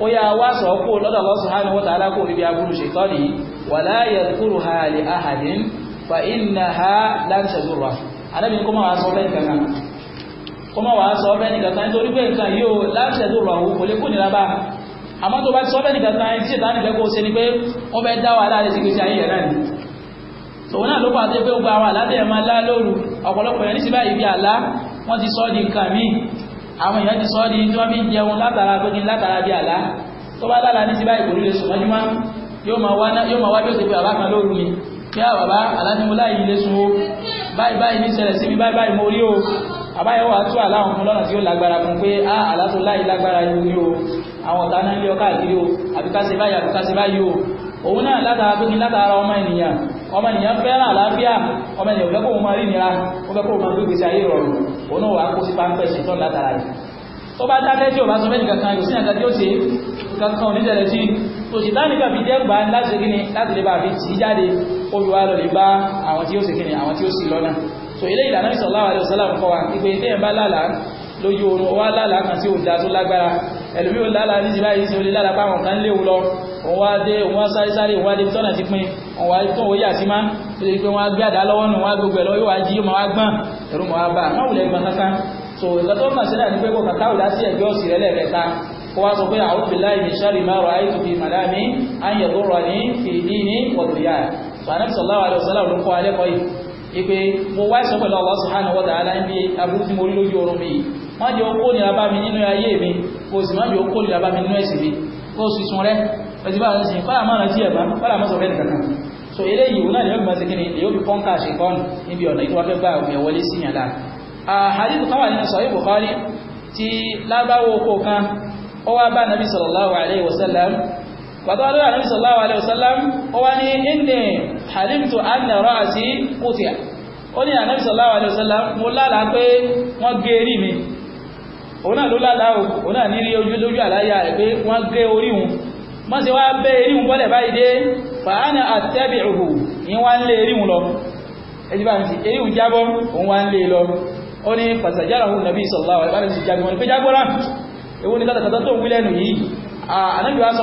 ó yá wá sọ kó lọ́dọ̀ Allah subhanahu wa ta'ala kó níbi agbúrú ṣètọ́nì wala yadhkuruha li ahadin fa innaha lan tadurra anábì ní kó máa sọ bẹ́ẹ̀ kankan kó máa sọ bẹ́ẹ̀ kankan nítorí pé nǹkan yóò lan tadurra kò lè kú nílá bá àmọ́ tó bá sọ bẹ́ẹ̀ kankan tí ìtàn àwọn èèyàn ti sọ ọ́ di tí wọ́n fi ń jẹun látara pé kí n látara bí àlá tó bá lára ní ti báyìí kò ní lè sùn mọ́júmọ́ yóò máa wá bí ó ṣe pé bàbá kan lóru ni kí á bàbá alánímú láì ilé sun o báyìí báyìí ní ṣẹlẹ̀ síbi báyìí báyìí mo rí o àbáyọ̀ wà tú àláwọn fún lọ́nà tí ó lágbára fún pé á àlátó láì lágbára yóò ní o àwọn ọ̀tá náà ń lé ọ káàkiri o àbíkáṣe báyìí àbíkáṣe báyìí ọmọ ènìyàn fẹ́ràn àlàáfíà ọmọ ènìyàn fẹ́ kó wọn máa rí nira ó fẹ́ kó wọn máa gbégbèsè ayé rọrùn òun náà wàá kó sí páńpẹ́ ṣètọ́ látara yìí tó bá dákẹ́ tí ò bá sọ fẹ́ nìkan kan ìsìn àgbà tí ó ṣe kankan oníṣẹ̀lẹ̀ sí tó sì dá nìkan fi dẹ́gbà láti ṣe kíni láti lè bá fi sí jáde olùwà lọ lè bá àwọn tí ó ṣe kíni àwọn tí ó sì lọ́nà so ilé ìlànà sallallahu alaihi wasallam kọ́ wa ìpè téèyàn bá lálàá lójú oorun wá lálàá kan tí ò da tó lágbára ẹlòmí ò lálàá ní ìsìnbá yìí sí olè lára pa àwọn kan léwu lọ òun wá dé òun wá sáré sáré òun wá dé tọ́nà ti pin òun wá tó òun yà sí má tó pé wọn gbé àdá lọ́wọ́ nù gbogbo ẹ̀ yóò wá jí yóò wá gbọ́n ẹ̀rù mọ́ bá má gbọ́n kankan so ìgbà tó mà sílẹ̀ ní pé kò kàkà ò lásì ẹ̀gbẹ́ òsì rẹ̀ lẹ́ẹ̀kẹta kó wá sọ pé àwọn bìlá ìmì sáré má rọ so anábì sallallahu alaihi wasallam ló kọ́ alẹ́kọ̀ọ́ yìí ipe mo wá ìsọ pẹ̀lú Allah subhanahu wa ta'ala ń má jẹ́ ó kó nira bá mi nínú ayé mi kò sì má jẹ́ ó kó nira bá mi nínú ẹ̀sìn mi kó sì sun rẹ ẹ̀sìn bá ń sìn fáwọn máa ẹ̀bá fáwọn máa sọ bẹ́ẹ̀ so eléyìí òun náà ni wọ́n fi ni ṣe kíni èyí ó fi pọ́ńkà ṣe kọ́ọ̀nù níbi ọ̀nà ìtura fẹ́ gbà òun ẹ̀wọlé sí yàn láà àhàdìtù káwà nínú sallallahu alaihi wasallam pàtó wádọ́wà nàbí sallallahu alaihi wasallam ó wá ní inni halimtu anna ra'si qutiya ó ní sallallahu alaihi wasallam mo lálàá pé wọ́n gé mi òun náà ló lálá o òun náà nírí ojú lójú àláyà rẹ̀ pé wọ́n gé orí òun wọ́n sì wá bẹ́ erí òun bọ́lẹ̀ báyìí dé fàánà àtẹ́bì òhù ní wá ń lé erí òun lọ ẹjí bá mi sì erí òun jábọ́ òun wá ń lé e lọ ó ní pàṣàjára òun nàbí sallallahu alaihi wasallam sì jábọ́ wọn pé jábọ́ rà ewu ni kátàkátà tó wí lẹ́nu yìí ànábì wa sọ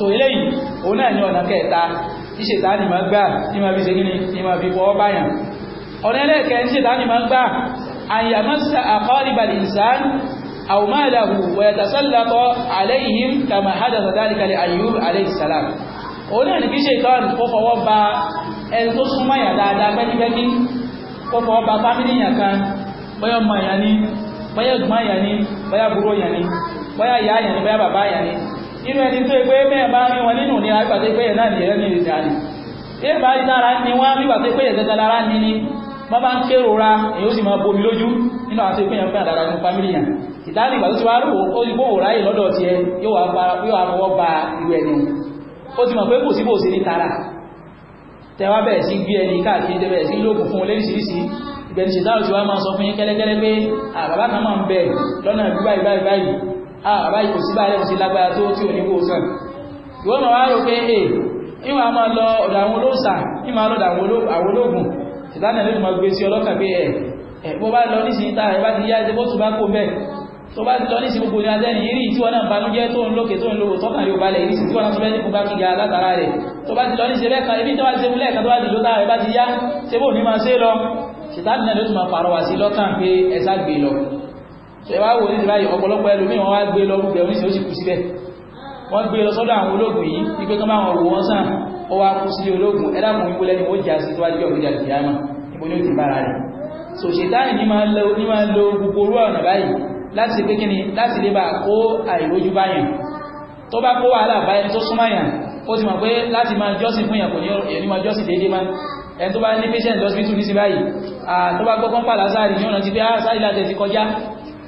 so eléyìí òun náà ní ọ̀nà kẹta tí ṣètánì máa gbà ní máa fi ṣe kí ni ní máa fi fọwọ́ báyàn ọ̀nà ẹlẹ́ẹ̀kẹ́ tí ṣètánì máa gbà àyàmọ́sà àkọ́rìbàlì ìsàn àwòmáàdàhù wẹ̀yàtàsálàtọ̀ àlẹ́yìn kàmà hádàtà dáríkalẹ̀ Ayyub irú ẹni tó pé bẹ́ẹ̀ bá rí wọn nínú ní agbàdé pé ẹ̀ náà nìyẹn ní ìjà ni ilé bá rí lára ni wọ́n rí gbàgbé ni ni ma bá ń kérò ra èyí ó sì máa bomi lójú nínú àti ìpínyàn fún àdàdà ní fámìlì yàn ìdáni ìgbà tó ti wá rò ó ti gbóhùn ráyè lọ́dọ̀ ti ẹ yóò wá ba irú ó mọ̀ tara tẹwa sí gbé ẹni káàkiri tẹ sí fún ìgbẹ̀ni ti wá máa sọ fún yín kẹ́lẹ́kẹ́lẹ́ Ah, àbá ìkò sí báyẹ̀ òsì lágbára tó tí ò ní kó sàn ìwọ́n máa wá rò pé ẹ̀ ìwọ̀n a máa lọ ọ̀dọ̀ àwọn olóòsà ní máa lọ́dọ̀ àwọn olóògùn ìtànà ló máa gbé sí ọlọ́kà pé ẹ̀ ẹ̀ bó bá lọ ní sí ìta ẹ̀ bá ti yá ẹ̀ bó tún bá kó bẹ́ẹ̀ tó bá lọ ní sí gbogbo ní adẹ́ni ìrí tí wọ́n náà banújẹ́ tó ń lókè tó ń lówó tọ́kàn yóò balẹ̀ ìrí sí tí wọ́n náà tó bẹ́ẹ̀ nípa kíga látara rẹ̀ tó bá ti lọ ní sí ẹbẹ́ka ibi tó bá ti múlẹ̀ ẹ̀ka tó bá ti lóta rẹ̀ bá ti yá ṣe bó ní máa ṣe lọ ṣètàdínà ló tún máa pàrọwà sí lọ́kàn pé ẹ̀sà gbé lọ ṣe wá wò nídìí báyìí ọ̀pọ̀lọpọ̀ ẹlòmíì wọ́n wá gbé lọ rúbẹ̀ oníṣẹ́ ó sì kú síbẹ̀ wọ́n gbé lọ sọ́dọ̀ àwọn ológun yìí wípé kán báwọn wò wọ́n sàn ó wá kú sílé ológun ẹlẹ́kùn wípé lẹ́ni ó jà sí síwájú ọ̀gbìn ni ó ti bára rẹ̀ so ṣètáì ní máa lo ní máa lo gbogbo orú ọ̀nà báyìí láti pé kíni láti lè bá kó àìrójú báyàn tó bá kó wàhálà báyẹn tó súnmọ́ yàn ó ti mọ̀ pé láti máa jọ́sìn fún yàn kò ní patient hospital ní sí báyìí tó bá gbọ́gbọ́n pàlásárì ní ọ̀nà ti pé ah, ásáìlá tẹ̀ ti kọjá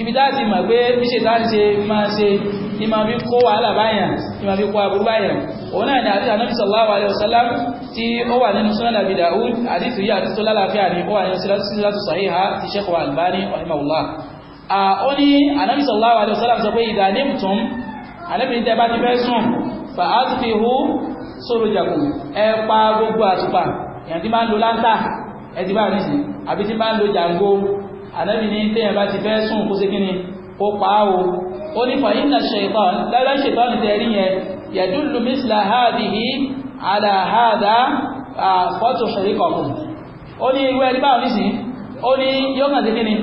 ibi tá a ti mọ̀ pé bí ṣètánì ṣe máa ṣe ní máa fi kó wàhálà báyàn ní máa fi kó aburú báyàn òun náà ni àti ànábì sallallahu alaihi wasallam tí ó wà nínú sunan Abi Dawud àdìsí yìí àti tó lálàáfíà ni ó wà nínú sílátù sahiha ti Sheikh Albani rahimahullah ó ní ànábì sallallahu alaihi wasallam sọ pé idha nimtum ànábì ní tẹ́ sí ànábì ní téèyàn bá ti fẹ́ sùn kó ṣe kí ni ó pa á o ó ní fàyín náà ṣètọ́n lára ṣètọ́n tẹ̀ rí yẹn yẹ̀dúlù mísìlá háàdìhì àdàhàdà fọ́tò ṣèríkọ̀kùn ó ní irú ẹni ni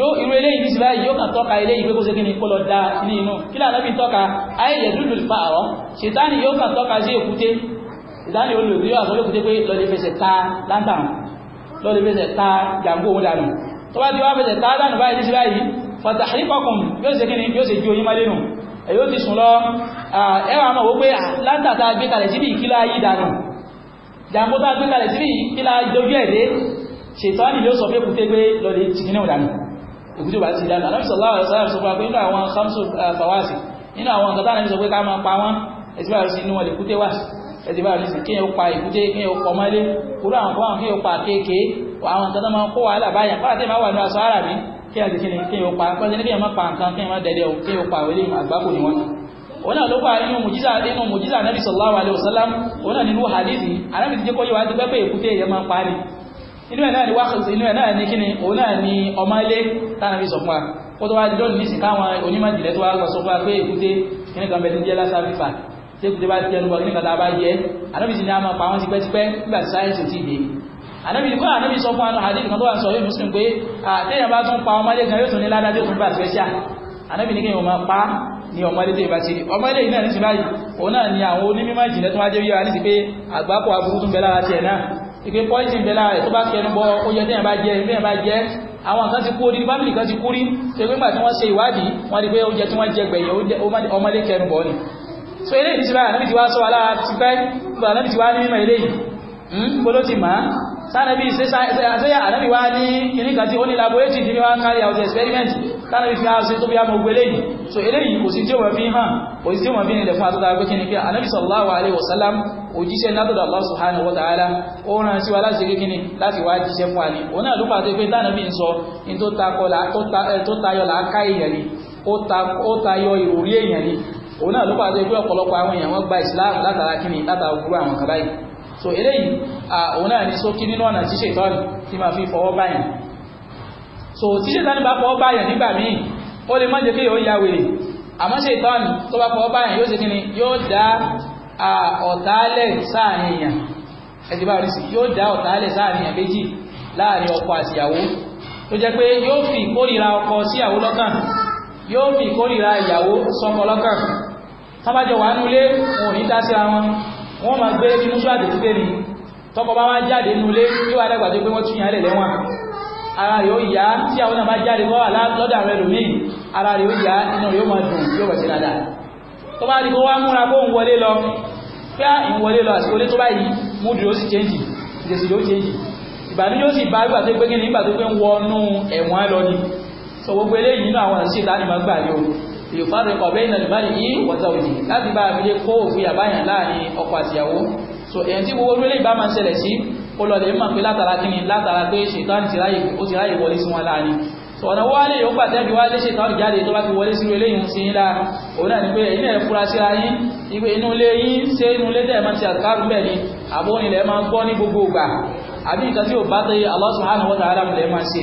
yóò irú eléyìí nísìn báyìí yóò kàn tọ́ka eléyìí pé kó ṣe kí ni kó lọ da ní inú kí lànà ta láńtàn lọ́lẹ́fẹsẹ̀ ta jàǹgó òun dànù tó bá ti wá fẹsẹ̀ tá dànù báyìí sí báyìí fàtàkìríkọkùn yóò ṣe kí ni yóò ṣe ju oyin máa lénu èyó ti sùn lọ ẹwà máa wó pé látàtà gbé kalẹ̀ síbi ìkílá yìí dànù jàǹkó tá gbé kalẹ̀ síbi ìkílá dojú ẹ̀dẹ́ ṣètọ́ ni yóò sọ pé kùté gbé lọ́lẹ̀ tìkínú dànù ìkújú bá ti ẹ̀sì bá rí sí kí yẹn pa ìkúté kí yẹn kọ mọ́lé kúrò àwọn kan kí yẹn pa kéèké àwọn nǹkan tó máa ń kó wàhálà báyà kọ́lá tẹ́ máa wà ní aṣọ ara mi kí yẹn ti kí ni kí yẹn pa kọ́lá tẹ́ kí yẹn má pa nǹkan kí yẹn má dẹ̀dẹ̀ o kí yẹn pa ìwé ni wọ́n. òun náà ló pa inú mùjísà inú mùjísà nabi sallallahu alaihi wasallam ni inú ẹ̀ náà ni wákàtí ni kíni ni ọmọlé tánàbí sọ fún wa kó tó wá di lónìí nísìnyí káwọn onímọ̀ ìjìnlẹ̀ tó wá lọ sọ fún wa pé èkúté kíní kan bẹ̀rẹ̀ ń jẹ́ tẹ́kùtẹ́ bá tẹnu bọ̀ nígbà tá a bá jẹ́ anábì sì ní a máa pa àwọn tipẹ́tipẹ́ nígbà tí sáyẹ́nsì ò tí ì dé anábì kọ́ anábì sọ fún hadith kan tó wà sọ yóò muslim pé àtẹ̀yìn bá tún pa ọmọdé kan yóò tún ní ládàá yóò tún bá special anábì ní kéèyàn máa pa ní ọmọdé tó ìbá ti rí ọmọdé yìí náà ní ti báyìí òun náà ni àwọn onímọ̀ ìjìnlẹ̀ tó wá jẹ́ wíwá ní ti pé àgbákò aburú tún bẹ lára tiẹ̀ náà ìpè pọ́ìsìn bẹ lára ẹ̀ tó bá kẹnu bọ oúnjẹ tẹ́yìn bá jẹ ìfẹ́yìn bá jẹ àwọn kan ti kú orí bábìlì kan ti kú rí ṣe pé nígbà tí wọ́n ṣe ìwádìí wọ́n rí pé oúnjẹ tí wọ́n jẹ gbẹ̀yìn ọmọdé kẹnu bọ̀ ni so ilé ìdíjìbá ànábì ti wá sọ alára ti pẹ́ gbogbo ànábì ti wá ní mímọ̀ ilé gbogbo hmm, ti máa sánàbí àṣẹ́yà ànábì wá ní ìníkan tí ó ní laboratory tí ní wá ń carry out experiment so ilé yìí kò sí tí ó wọ́n fi hàn kò sí tí ó wọ́n fi nílẹ̀ fún àtúntà pé kí ni pé Allah subhanahu wa ta'ala ó rán sí wa láti rí kíni láti wá jíṣẹ́ fún àní òun náà ló pàtó pé tánàbí ń sọ in òun náà ló pàdé pé ọ̀pọ̀lọpọ̀ àwọn èèyàn wọ́n gba ìsìláàmù látara kíni látara gbúrú àwọn kan báyìí so eléyìí òun náà ní sókí nínú ọ̀nà tí ṣètọ́nì tí máa fi fọwọ́ báyìí so tí ṣètọ́nì bá fọwọ́ báyìí nígbà míì ó lè má jẹ́ ó ya wèrè àmọ́ ṣètọ́nì tó bá fọwọ́ báyìí yóò ṣe kíni yóò dá ọ̀tálẹ̀ sáàrin èèyàn ẹ̀dí bá rí sí yóò dá ọ̀tálẹ̀ sáàrin èèyàn méjì láàrin ọkọ àtìyàwó tó jẹ́ pé yóò fi ìkórìíra yóò fi ìkórìíra ìyàwó sọmọ lọ́kàn sábàjọ wà nulé wọn ò ní dá síra wọn wọn máa gbé inú sọ àdètúté ni tọkọ bá wá jáde nulé yóò wá dàgbà tó pé wọn tún yàn án lẹ̀ lẹ́wọ̀n ara rẹ̀ ó yá tí àwọn náà bá jáde bọ́ lọ́dọ̀ àwọn ẹlòmíì ara rẹ̀ ó yá inú rẹ̀ ó máa dùn yóò bẹ̀ sí dáadáa tó bá rí kó wá múra kó ń wọlé lọ pé ń wọlé lọ àsìkò lé tó báyìí múdù ó sì chẹ́ǹjì ìdèsì ló chẹ́ǹjì ìbànújẹ́ ó sì bá gbà tó pé kí ni ìgbà tó pé ń wọnú ẹ̀wọ̀n lọ ni so gbogbo eléyìí nínú àwọn àṣìṣe láti máa gbà yóò ìfàdé ọ̀bẹ ìnàdìmáàlì yìí wọ́tà òjì láti bá abilé kó òfin àbáyàn láàrin ọkọ àtìyàwó so èyàn tí gbogbo orílẹ̀ ìbá máa ń ṣẹlẹ̀ sí ó lọ lè mọ̀ pé látara kíni látara pé ṣètánì ti ráyè ó ti ráyè wọlé sí wọn láàrin so ọ̀nà wọ́n lè yóò pàtẹ́bí wá lé ṣètánì jáde tó bá ti wọlé sí ilé yìí sí ńlá òun náà ni pé ẹ̀yin náà fura síra yín ìgbé inú ilé yín ṣé inú ilé tẹ̀ máa ti àkárùn bẹ́ẹ̀ ni àbóyinlẹ̀ máa ń gbọ́ ní gbogbo ìgbà àbí nǹkan tí ò bá tẹ Allah subhanahu wa ta'ala lẹ̀ máa ṣe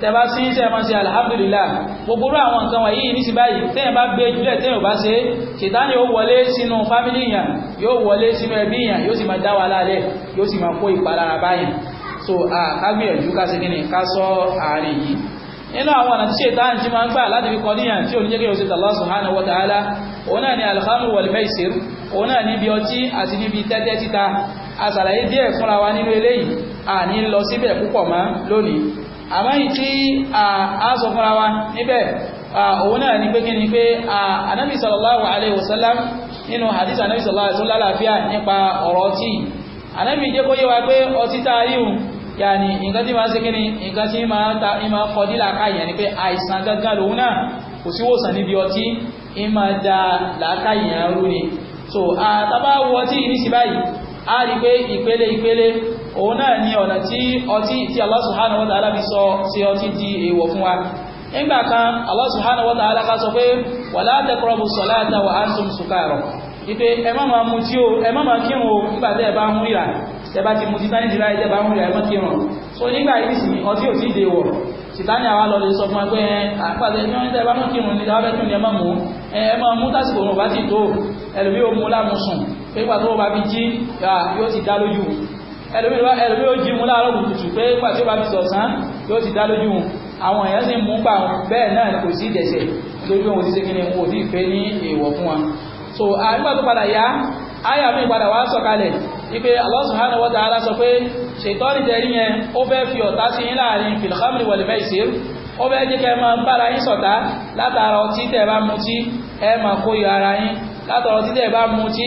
tẹ́bá sí iṣẹ́ máa ṣe alhamdulillah gbogbo àwọn nǹkan wọ̀nyí ní sí báyìí tẹ́yìn bá gbé jùlẹ̀ tẹ́yìn ò bá ṣe ṣètánì yóò wọlé sínú fámílì yàn yóò wọlé sínú ẹbí yàn yóò sì máa dá wa yóò sì máa kó ìpalára báyìí so ká gbìyànjú ká ṣe kíni ká sọ àárín yìí nínú àwọn ọ̀nà tí ṣètánì tí máa ń gbà ní Allah subhanahu wa ta'ala òun ni alhamdu wal maisir òun náà níbi ọtí àti níbi tẹ́tẹ́ títa àṣàlàyé díẹ̀ fúnra wa nínú eléyìí à ní lọ síbẹ̀ púpọ̀ mọ́ lónìí àmáyì tí a sọ fúnra wa níbẹ̀ òun náà ni pé kí ni pé anábì sallallahu alaihi wasallam nínú hadith anábì sallallahu alaihi wasallam lálàáfíà nípa ọ̀rọ̀ ọtí anábì jẹ́ kó yé wa pé ọtí tá a ríhun yàní tí ta ìmọ̀ fọdílà káyà ni pé àìsàn gangan lòun náà kò sí wòsàn níbi ọtí ìmọ̀ da làákàyà so àtàbá wọtí ní sí a rí pé ìpele ìpele òun náà ni ọ̀nà tí ọtí tí Allah subhanahu wa ta'ala fi sọ sí ọtí di èèwọ̀ fún wa nígbà kan Allah subhanahu wa ta'ala ká sọ pé wala taqrabu salata wa antum sukara ìpé ẹ tí ó ẹ má máa nígbà nígbà tó wọ́n bá fi jí yóò ti dá lójú ẹlòmí ó jí mú láàárọ̀ kùtùkùtù pé nígbà tí ó bá fi sọ̀sán yóò ti dá lójú àwọn èèyàn sì mú pa bẹ́ẹ̀ náà kò sí ìdẹ̀sẹ̀ lójú òun ti ṣe kíni òun ti fẹ́ ní èèwọ̀ fún wa so àgbà tó padà yá wa ta'ala sọ pé ṣètọ́nì tẹ̀rí yẹn ó fẹ́ fi ọ̀tá sí yín láàrin fil khamri wal ó fẹ́ jẹ́ kẹ́ ẹ máa bára yín ṣọ̀tá látara ọtí tẹ̀ bá mutí ẹ máa kó yọ yín látara ọtí tẹ̀ bá mutí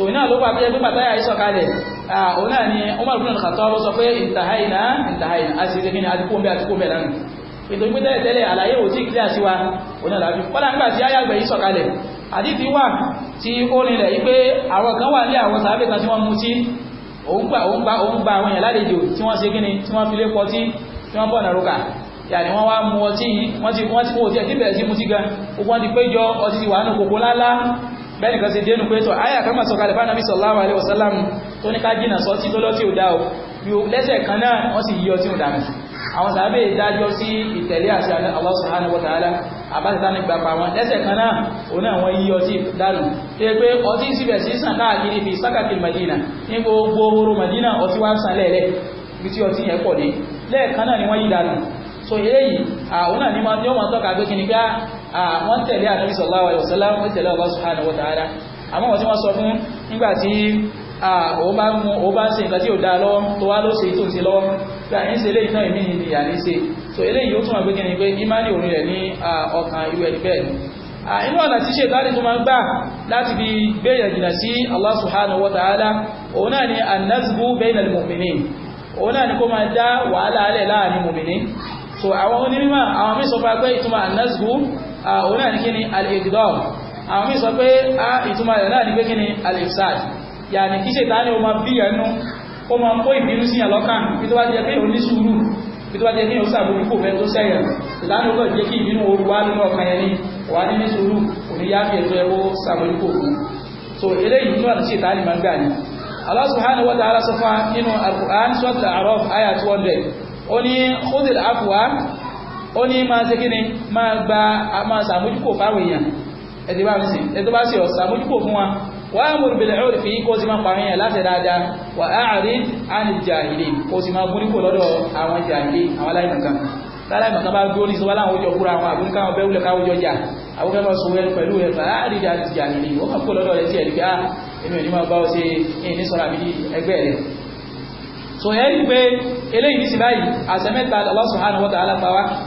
so iná ló pàbí ẹgbẹ́ pàtàyà ìsọ̀kalẹ̀ òun náà ni Umar ibn al-Khattab sọ pé intahaina intahaina a sì rí gíní adúgbòmí adúgbòmí ẹ̀lá nù ètò ìgbé tẹ́lẹ̀ tẹ́lẹ̀ àlàyé ò tí kílẹ̀ sí wa òun náà lábí kọ́lá nígbà tí ayàgbẹ̀ ìsọ̀kalẹ̀ àdíti wà tí ó rinlẹ̀ wípé àwọn kan wà ní àwọn sàábẹ̀ kan tí wọ́n mu tí òun gba àwọn èèyàn lálejò tí wọ́n ṣe gíní tí wọ́n fi lé pọtí wá mu ọtí wọ́n ti kó òtí ẹ̀ tí bẹ̀rẹ̀ sí mu ti gan gbogbo wọn ti péjọ ọtí ti wà nù kòkó ńláńlá bẹ́ẹ̀ nìkan sí dénú pé tọ́ ayà kan máa sọ̀kalẹ̀ bá nàbí sallallahu alaihi wasallam tó ní ká jìnà sọ tí tó lọ́tí ò dá o yóò lẹ́sẹ̀ kan náà wọ́n sì yíyọ tí ò dànù àwọn sàábẹ̀ ìdájọ́ sí ìtẹ̀lé àti Allah subhanahu wa ta'ala àbáṣetá ní gbapà wọn lẹ́sẹ̀ kan náà òun náà wọ́n yí ọtí dànù tó yẹ pé ọtí síbẹ̀ sí sàn káàkiri Madina ní gbogbo oró Madina ọtí wá ń sàn lẹ́ẹ̀lẹ́ bí tí ọtí yẹn pọ̀ ni wọ́n yí dànù so ni wọ́n wọ́n tẹ̀lé ànábì sallallahu alaihi wasallam wọ́n tẹ̀lé Allah subhanahu wa ta'ala àmọ́ wọ́n tí wọ́n sọ fún nígbà tí òun bá mú òun bá ń ṣe nǹkan tí ò dáa lọ́wọ́ tó wá ló ṣe tó ń ṣe lọ́wọ́ bí a ń ṣe eléyìí náà ìmí ni ìyà ní ṣe so eléyìí ó túnmọ̀ pé kí ni pé ìmánì òun rẹ̀ ní ọkàn irú ẹni bẹ́ẹ̀ ni inú ọ̀nà tí ṣètánì tó máa ń gbà Ah, òun náà ní kí ni al-igdor àwọn míì sọ pé a ah, ìtumọ̀ rẹ̀ náà ní pé kí ni al-ifsad yàní kí ṣe tání o máa bí ẹnu ó máa kó ìbínú sí àlọ́kàn bí tó bá jẹ́ pé òun ní sùúrù bí tó bá jẹ́ pé òun sàbójú kò fẹ́ tó sẹ́yẹ̀ ìlànà ó jẹ́ kí ìbínú oru wá nínú ó ní khudil ó ní máa ṣe kíni máa gba máa ṣàmójúkò fáwọn èèyàn ẹ̀dí bá mi sìn ẹ̀dí bá sì ọ̀ ṣàmójúkò fún wa wà á múrù bẹ̀rẹ̀ ọ̀rẹ̀ fi kó sì máa pàwọn èèyàn láti dáadáa wà á àrí àni jàhìlì kó sì máa gúnríkò lọ́dọ̀ àwọn jàhìlì àwọn aláìmọ̀kan aláìmọ̀kan bá gbórí sọ láwọn ojú ọkúra àwọn àbúríkà àwọn rí àni jàhìlì kó sí ah, máa bá ọ ṣe ní sọ̀rọ̀ àbí so ẹ̀rí pé eléyìí ní sí báyìí àṣẹ mẹ́ta Allah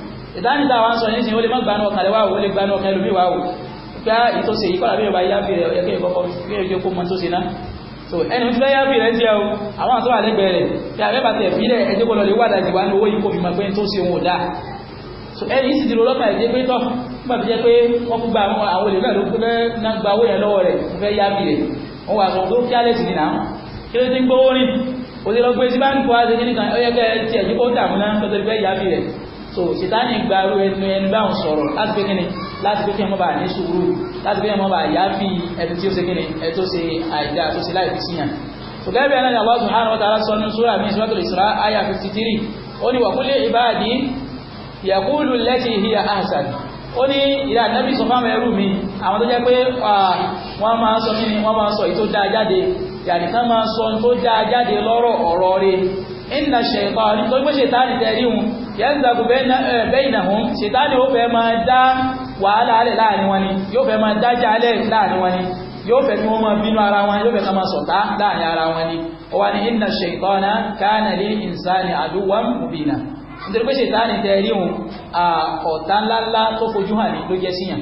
ìtàní tá ń sọ yìí sí ó lè má gbanú ọkàn rẹ̀ ó lè gbanú ọkàn ẹlòmíì wá wò gbá ìtòsè yìí kọ́lá bí ọba yá fi rẹ̀ ẹ̀kẹ́ ìkọ́kọ́ fi ẹ̀kẹ́ kó mọ tó ṣe náà so ẹni tí wọ́n yá fi rẹ̀ ń jẹ́ àwọn àtọ́wà lẹ́gbẹ̀ẹ́ rẹ̀ tí àbẹ́ bàtẹ̀ ń gbówó rìn òde lọ gbé sí báńkì kó dààmú náà tó ti rẹ̀ so ṣètánì gbaru ẹnu ẹnu báwọn sọ̀rọ̀ láti pé kíni láti pé kí ọmọ bá ní sùúrù láti pé kí ọmọ bá yá fi ẹni tí ó ṣe kíni ẹni tó ṣe àìdá tó ṣe láì fi síyàn so gẹ́gẹ́ bí ẹni Allah subhanahu wa ta'ala sọ ní sura mi suratul Isra aya fifty three ó ní wa qul li ibadi yaqulu allati ahsan ó ní ìlà nẹ́bí sọ fáwọn ẹrú mi àwọn tó jẹ́ pé wọ́n máa sọ kí ni wọ́n máa sọ èyí tó jáde kan máa sọ tó jáde lọ́rọ̀ ọ̀rọ̀ rẹ̀ inna shaitan nítorí pé ṣètánì tẹ̀rí wọn yanzagu bainahum ṣètánì ó fẹ́ máa dá wàhálà alẹ̀ láàrin wọn ni yóò fẹ́ máa dájà alẹ̀ láàrin wọn ni yóò fẹ́ kí wọ́n máa bínú ara wọn yóò fẹ́ ká máa ṣọ̀tá láàrin ara wọn ni ó wà ní inna shaitana kana lil insani aduwwan mubina nítorí pé ṣètánì tẹ̀rí wọn ọ̀tá ńláńlá tó fojú hàn ní ló jẹ́ síyàn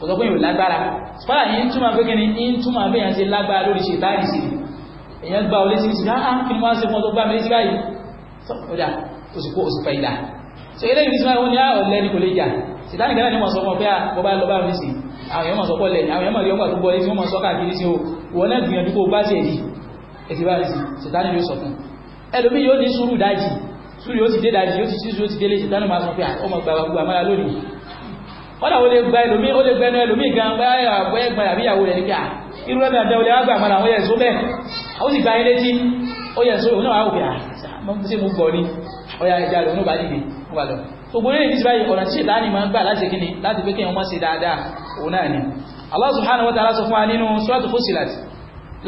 kò sọ pé yóò lágbára fọ́nà yìí ń túmọ̀ pé kíni ń túmọ̀ pé yẹn ti lágbára lórí ṣe báyìí sí èyàn gba olé sí ìsìnká á ah, kí ni wọ́n so eléyìí ní sinmi ní ah, àwọn ọ̀lẹ́ ní kò ni wọ́n sọ fún ọ pé àwọn ah, bá lọ bá mi sí àwọn èèyàn mọ̀ sọ́kọ́ lẹ̀ àwọn èèyàn mọ̀ rí ọgbà tó bọ́ létí wọ́n mọ̀ sọ́ káàkiri sí o wọ́n náà gbìyànjú kó bá tiẹ̀ di ètí bá mi sí sìtáni yóò sọ fún ẹlòmíì ní sùúrù dájì sùúrù yóò ti dé dájì yóò ti sí yóò ti délé sìtáni máa sọ pé ọmọ gbàgbà gbogbo àmàlà lónìí kọ́dà ó lè gba ẹlòmí ó lè gba ẹnu ẹlòmí gan báyà bọ́ ẹ̀gbọ́n àbí ìyàwó rẹ̀ níbi à irú ẹ̀gbọ́n àbí ìyàwó rẹ̀ wá gbà padà àwọn ẹ̀sùn bẹ́ẹ̀ ó sì gba ẹ létí ó yẹ sóyún náà àwòkè ni ọ̀yà ìjà lòun bá dìde ó bá lọ. gbogbo eré ìdíjì báyìí ọ̀nà tí ìdáni máa ń gbà láti kíni láti pé kéèyàn má ni. Allah subhanahu wa ta'ala sọ fún wa nínú Suratul Fussilat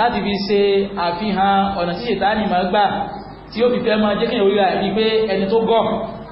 láti fi ṣe àfihàn ọ̀nà tí ìdáni máa gbà tí ó fi fẹ́ máa jẹ́ kéèyàn orí rà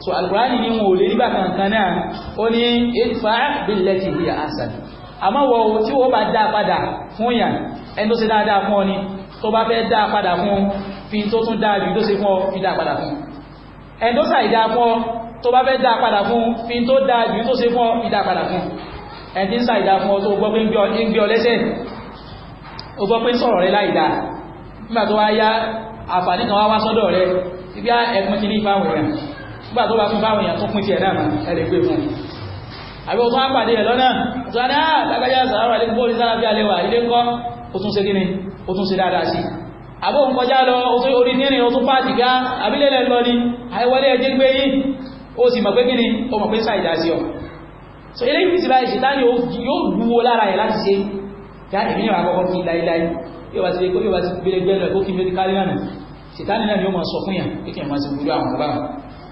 so alukurani ni wọn ò lè nígbà kankan náà ó ní ìfà bílẹ̀tì bíi àṣàn àmọ́ wọ o tí wọ́n bá dá a padà fún yàn ẹni tó ṣe dáadáa fún ọ ni tó bá fẹ́ dá a padà fún fi tó tún dáa ju tó ṣe fún ọ fi dá a padà fún ẹni tó ṣàìdá fún ọ tó bá fẹ́ dá a padà fún fi tó dáa tó ṣe fún fi dá padà fún ẹni tí ń ṣàìdá fún ọ tó gbọ́ pé ń gbé ọ lẹ́sẹ̀ ó gbọ́ pé ń sọ̀rọ̀ rẹ láìdá nígbà tó wá yá àǹfààní nígbà tó bá tún bá àwọn èèyàn tó pín tiẹ̀ náà ẹ̀rẹ̀ gbé fún un àbí o tún á pàdé rẹ̀ lọ́nà tó ní àgbàjá sàárà lè gbó sára bí alẹ́ ilé ńkọ́ o tún ṣe kí o tún ṣe dáadáa sí àbó ń kọjá lọ o tún orí nírin o tún pàtì gá àbílẹ̀lẹ̀ lọ ni àìwọlé ẹjẹ́ gbé yín ó sì mọ̀ pé kí o mọ̀ pé sáì sí ọ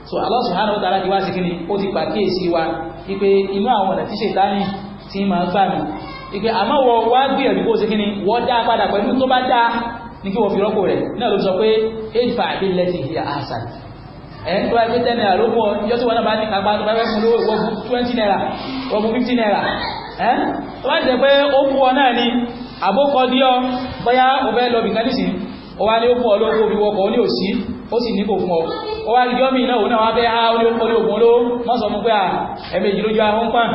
so Allah subhanahu wa ta'ala ti wá sí kíni ó ti pàkíyèsí wa wípé inú àwọn ọ̀nà tí ṣètánì ti máa ń gbà mí wípé àmọ́ wọ wá gbìyànjú kó sí kíni wọ́n dá padà pẹ̀lú tó bá dá ní kí wọ́n fi rọ́pò rẹ̀ náà ló sọ pé éjìfà àbílẹ̀tì ìyá àṣà ẹ̀ tó wáyé twenty naira wọ́n fifty naira ẹ̀ tó bá jẹ́ pé ó fún ọ náà ni àbókọ́ díọ́ bóyá ó fẹ́ lọ bìkan nísìnyí ó wá ní ó sì ní kò fún ọ ó wá rí jọ́mì náà òun náà wá bẹ́ á ó ní ogun olówó mọ́ sọ fún pé à ah, ẹ̀mẹ́jì lójú ahọ́n pàn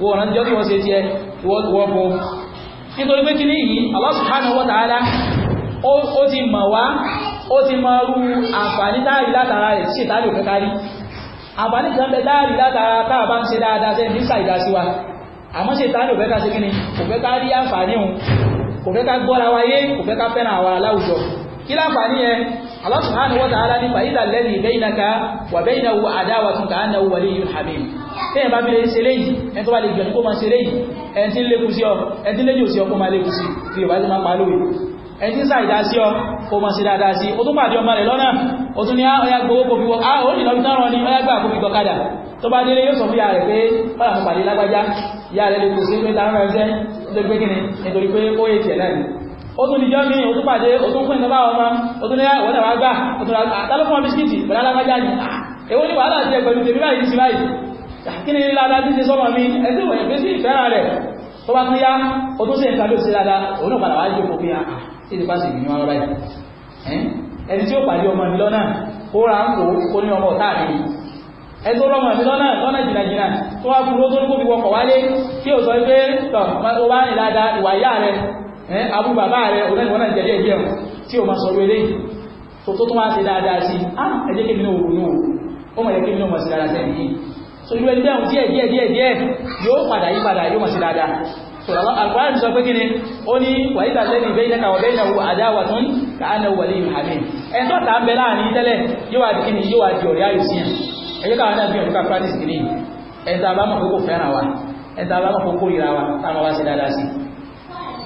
wo ọ̀nà jọ́mì wọ́n ṣe tiẹ̀ wọ́pọ̀ nítorí pé kí ní yìí Allah subhanahu wa ta'ala ó ti mọ̀ wá ó ti mọ rú àǹfààní táàrí látara rẹ̀ sí ìtàrí òfin kárí àǹfààní kan bẹ táàrí látara táà bá ń ṣe dáadáa sẹ́ni nísà ìdásí wa àmọ́ ṣe ìtàrí òfin ká ṣe kí ni òfin ká rí àǹfààní òun òfin ká gbọ́ra wáyé òfin ká fẹ́ràn àwa láwùjọ kí láǹfààní yẹn Allah subhanahu wa ta'ala ní fàyídà lẹ́yìn baynaka wà baynahu adawatun ka'annahu waliyyun hamim tẹ́yìn bá bílẹ̀ ṣe léyìn ẹni tó bá lè gbẹ̀rún kó máa ṣe léyìn ẹni tí ń lékú sí ọ ẹni tí ń léjò sí ọ kó máa lékú sí fi ìwà tí máa pa lóye ẹni tí ń sá ìdá sí ọ kó máa ṣe dáadáa sí ó tún pàdé ọmọ rẹ̀ lọ́nà ó tún ní ọya ah, gbowó ó ni dìjọ́ mi ó tún pàdé ó tún pín ìtọ́lá ọmọ ó tún lẹ́yà wọ́n àgbà ó tún àtàlọ́fún bisikíìtì bẹ̀rẹ̀ alágbájá ni èwo ni wàhálà ti ẹgbẹ̀rún tèmi báyìí sí báyìí kí ni ládá ti ṣe sọ́mọ mi ẹtí ìwọ̀nyẹ̀ pé sí ìfẹ́ràn rẹ̀ tó bá tún yá ó tún sí nǹkan ló ṣe dáadáa òun náà padà wá jẹ́ òkú bíyà sí ti pàṣẹ ìgbìmọ̀ ọ̀rọ̀ báyìí ẹni tí ó pàdé ọmọ mi lọ́nà ó ra ń kó ó ní ọmọ ọ̀tá mi abú bàbá rẹ̀ olóòwò náà jẹ́jẹ́ díẹ̀ tí o ma sọ wẹ́lẹ́ tó tó tó wá sí dáadáa sí ah ẹjẹ́ kí nínú òun náà ó mọ̀ yẹ kí nínú mọ̀ sí dáadáa sẹ́yìn yìí so irú ẹni bẹ́ẹ̀ díẹ̀ díẹ̀ díẹ̀ díẹ̀ yóò padà yí padà yóò mọ̀ sí dáadáa so Al-Qur'an sọ pé kí ni ó ní wàyíta lẹ́nu baynaka wa baynahu adawatun ka'annahu waliyyun hamim ẹni tó tàá ń bẹ láàrin tẹ́lẹ̀ yóò wá di kí ni yóò wá di ọ̀rẹ́ ayò sí yàn ẹjẹ́ káwọn náà gbìyànjú ká practice kìíní ẹ̀ta bá mọ̀ pé kò fẹ́ràn wa ẹ̀ta bá mọ̀ pé kò ríra wa táwọn wá sí dáadáa sí i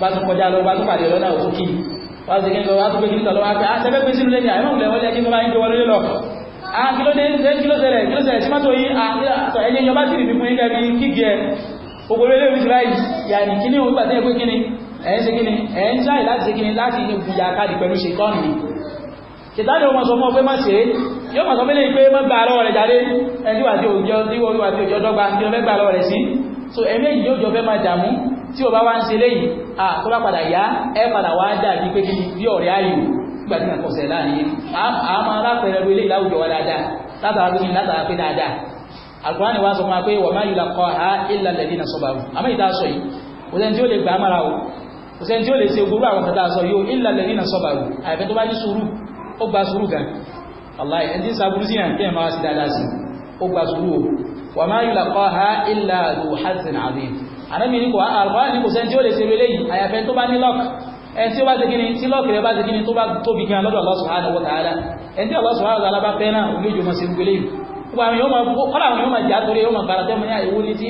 bá tún kọjá lọ bá tún pàdé lọ́nà òkú kí wá sí kí wá tún pé kí lọ wá pé àtẹ́fẹ́ ah, pé sínú lẹ́yìn àìmọ̀ lẹ́wọ́ lẹ́yìn bá ń jọ wọlé lọ ah, kílódé kílóṣẹlẹ̀ kílóṣẹlẹ̀ sí mọ́tò yìí ẹ̀yẹ yọba sí ìrìnbí fún ilẹ̀ bí kíkì ẹ̀ ògbòrò ilé ìrìnbí láì yàní kí ní òun gbàtẹ́ ìpé kíni ẹ̀yìn sí kíni ẹ̀yìn sáì láti sí kíni láti ìgbìyà káàdì pẹ̀lú ṣe kọ́nù ìtàdé ọmọ sọ fún ọgbẹ́ má ṣe yóò mọ̀ sọ pé léyìn pé má gba àlọ́ rẹ̀ jáde ẹjú àti òjò díwọ́ àti òjò dọ́gba tí ó fẹ́ gba àlọ́ rẹ̀ sí so ẹ̀mí èyí yóò jọ fẹ́ máa dààmú tí o bá wá ń ṣe léyìn à tó bá padà yá ẹ padà wá dàbí pé kí bí ọ̀rẹ́ ayò nígbà tí nǹkan ọ̀sẹ̀ láàrin àmọ́ alápẹ̀rẹ̀ ló eléyìí láwùjọ wa dáadáa látara pé látara pé dáadáa Al-Qur'an ni wá sọ fún wa pé wà má yulaqaha illa alladhina sabaru àmọ́ ìdá sọ yìí kò sẹ́ni tí ó lè gbà á mara o kò ànábì ní kò àlùkọ́rán ní kò sẹ́ni tí ó lè ṣe wẹ́lẹ́ yìí àyàfẹ́ tó bá ní lọ́ọ̀kì ẹni tí ó bá ṣe kíni tí lọ́ọ̀kì rẹ̀ bá ṣe kíni tó bá tóbi gan lọ́dọ̀ Allah subhanahu wa ta'ala ẹni tí Allah subhanahu wa ta'ala bá fẹ́ náà òun yóò máa ṣe wẹ́lẹ́ yìí gbogbo àwọn yóò máa kọ́lá àwọn yóò máa jà torí yóò máa bàrà tẹ́mu ní ah, àyẹ̀wò ah, ní ti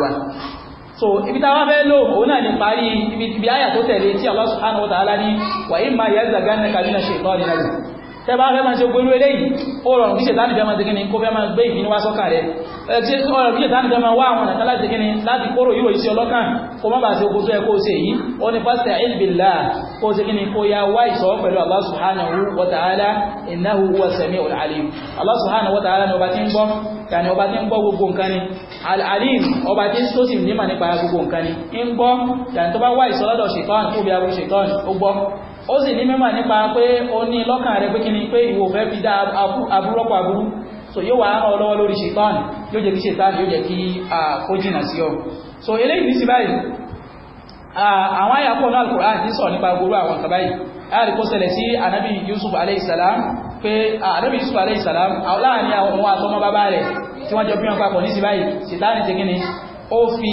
ní kí ni ó so ibi tá a wá fẹ́ lò òun náà ní parí ibi àyà tó tẹ̀lé tí Allah subhanahu wa ta'ala ní wa imma yanzaghannaka minash shaitani nazghun tẹ́bá fẹ́ máa ṣe gbérú eléyìí ó rọrùn kíṣẹ̀ láti fẹ́ máa ṣe kíni kó fẹ́ máa gbé ìfìní wá sọ́kà rẹ̀ ẹ̀tí ó rọrùn kíṣẹ̀ láti fẹ́ máa wá àwọn ẹ̀ka láti kíni láti kóró yíò ìṣẹ́ ọlọ́kàn kó má bàa ṣe ogun tó ẹ kó o ṣe yìí ó ní fasta'in billah kó o ṣe kíni kó ya wá ìṣọ́ pẹ̀lú Allah subhanahu wa ta'ala innahu huwa sami'ul alim Allah subhanahu wa ta'ala gbogbo nǹkan ó sì ní mímọ̀ nípa pé ó ní lọ́kàn rẹ̀ pé kí ni pé ìwò fẹ́ fi dá aburọ́pọ̀ aburú so yóò wá ràn lọ́wọ́ lórí ṣètánì yóò jẹ́ kí ṣètánì yóò jẹ́ kí kó sí ọ so eléyìí ní sí báyìí àwọn àyàpọ̀ náà Al-Qur'an ti sọ nípa gbogbo àwọn nǹkan báyìí láàrí Yusuf aleyhisselam pé anábì Yusuf aleyhisselam láàrin àwọn ohun àtọmọ bàbá rẹ̀ tí wọ́n jọ bí wọn papọ̀ ní sí báyìí ṣètánì ti kí ni ó fi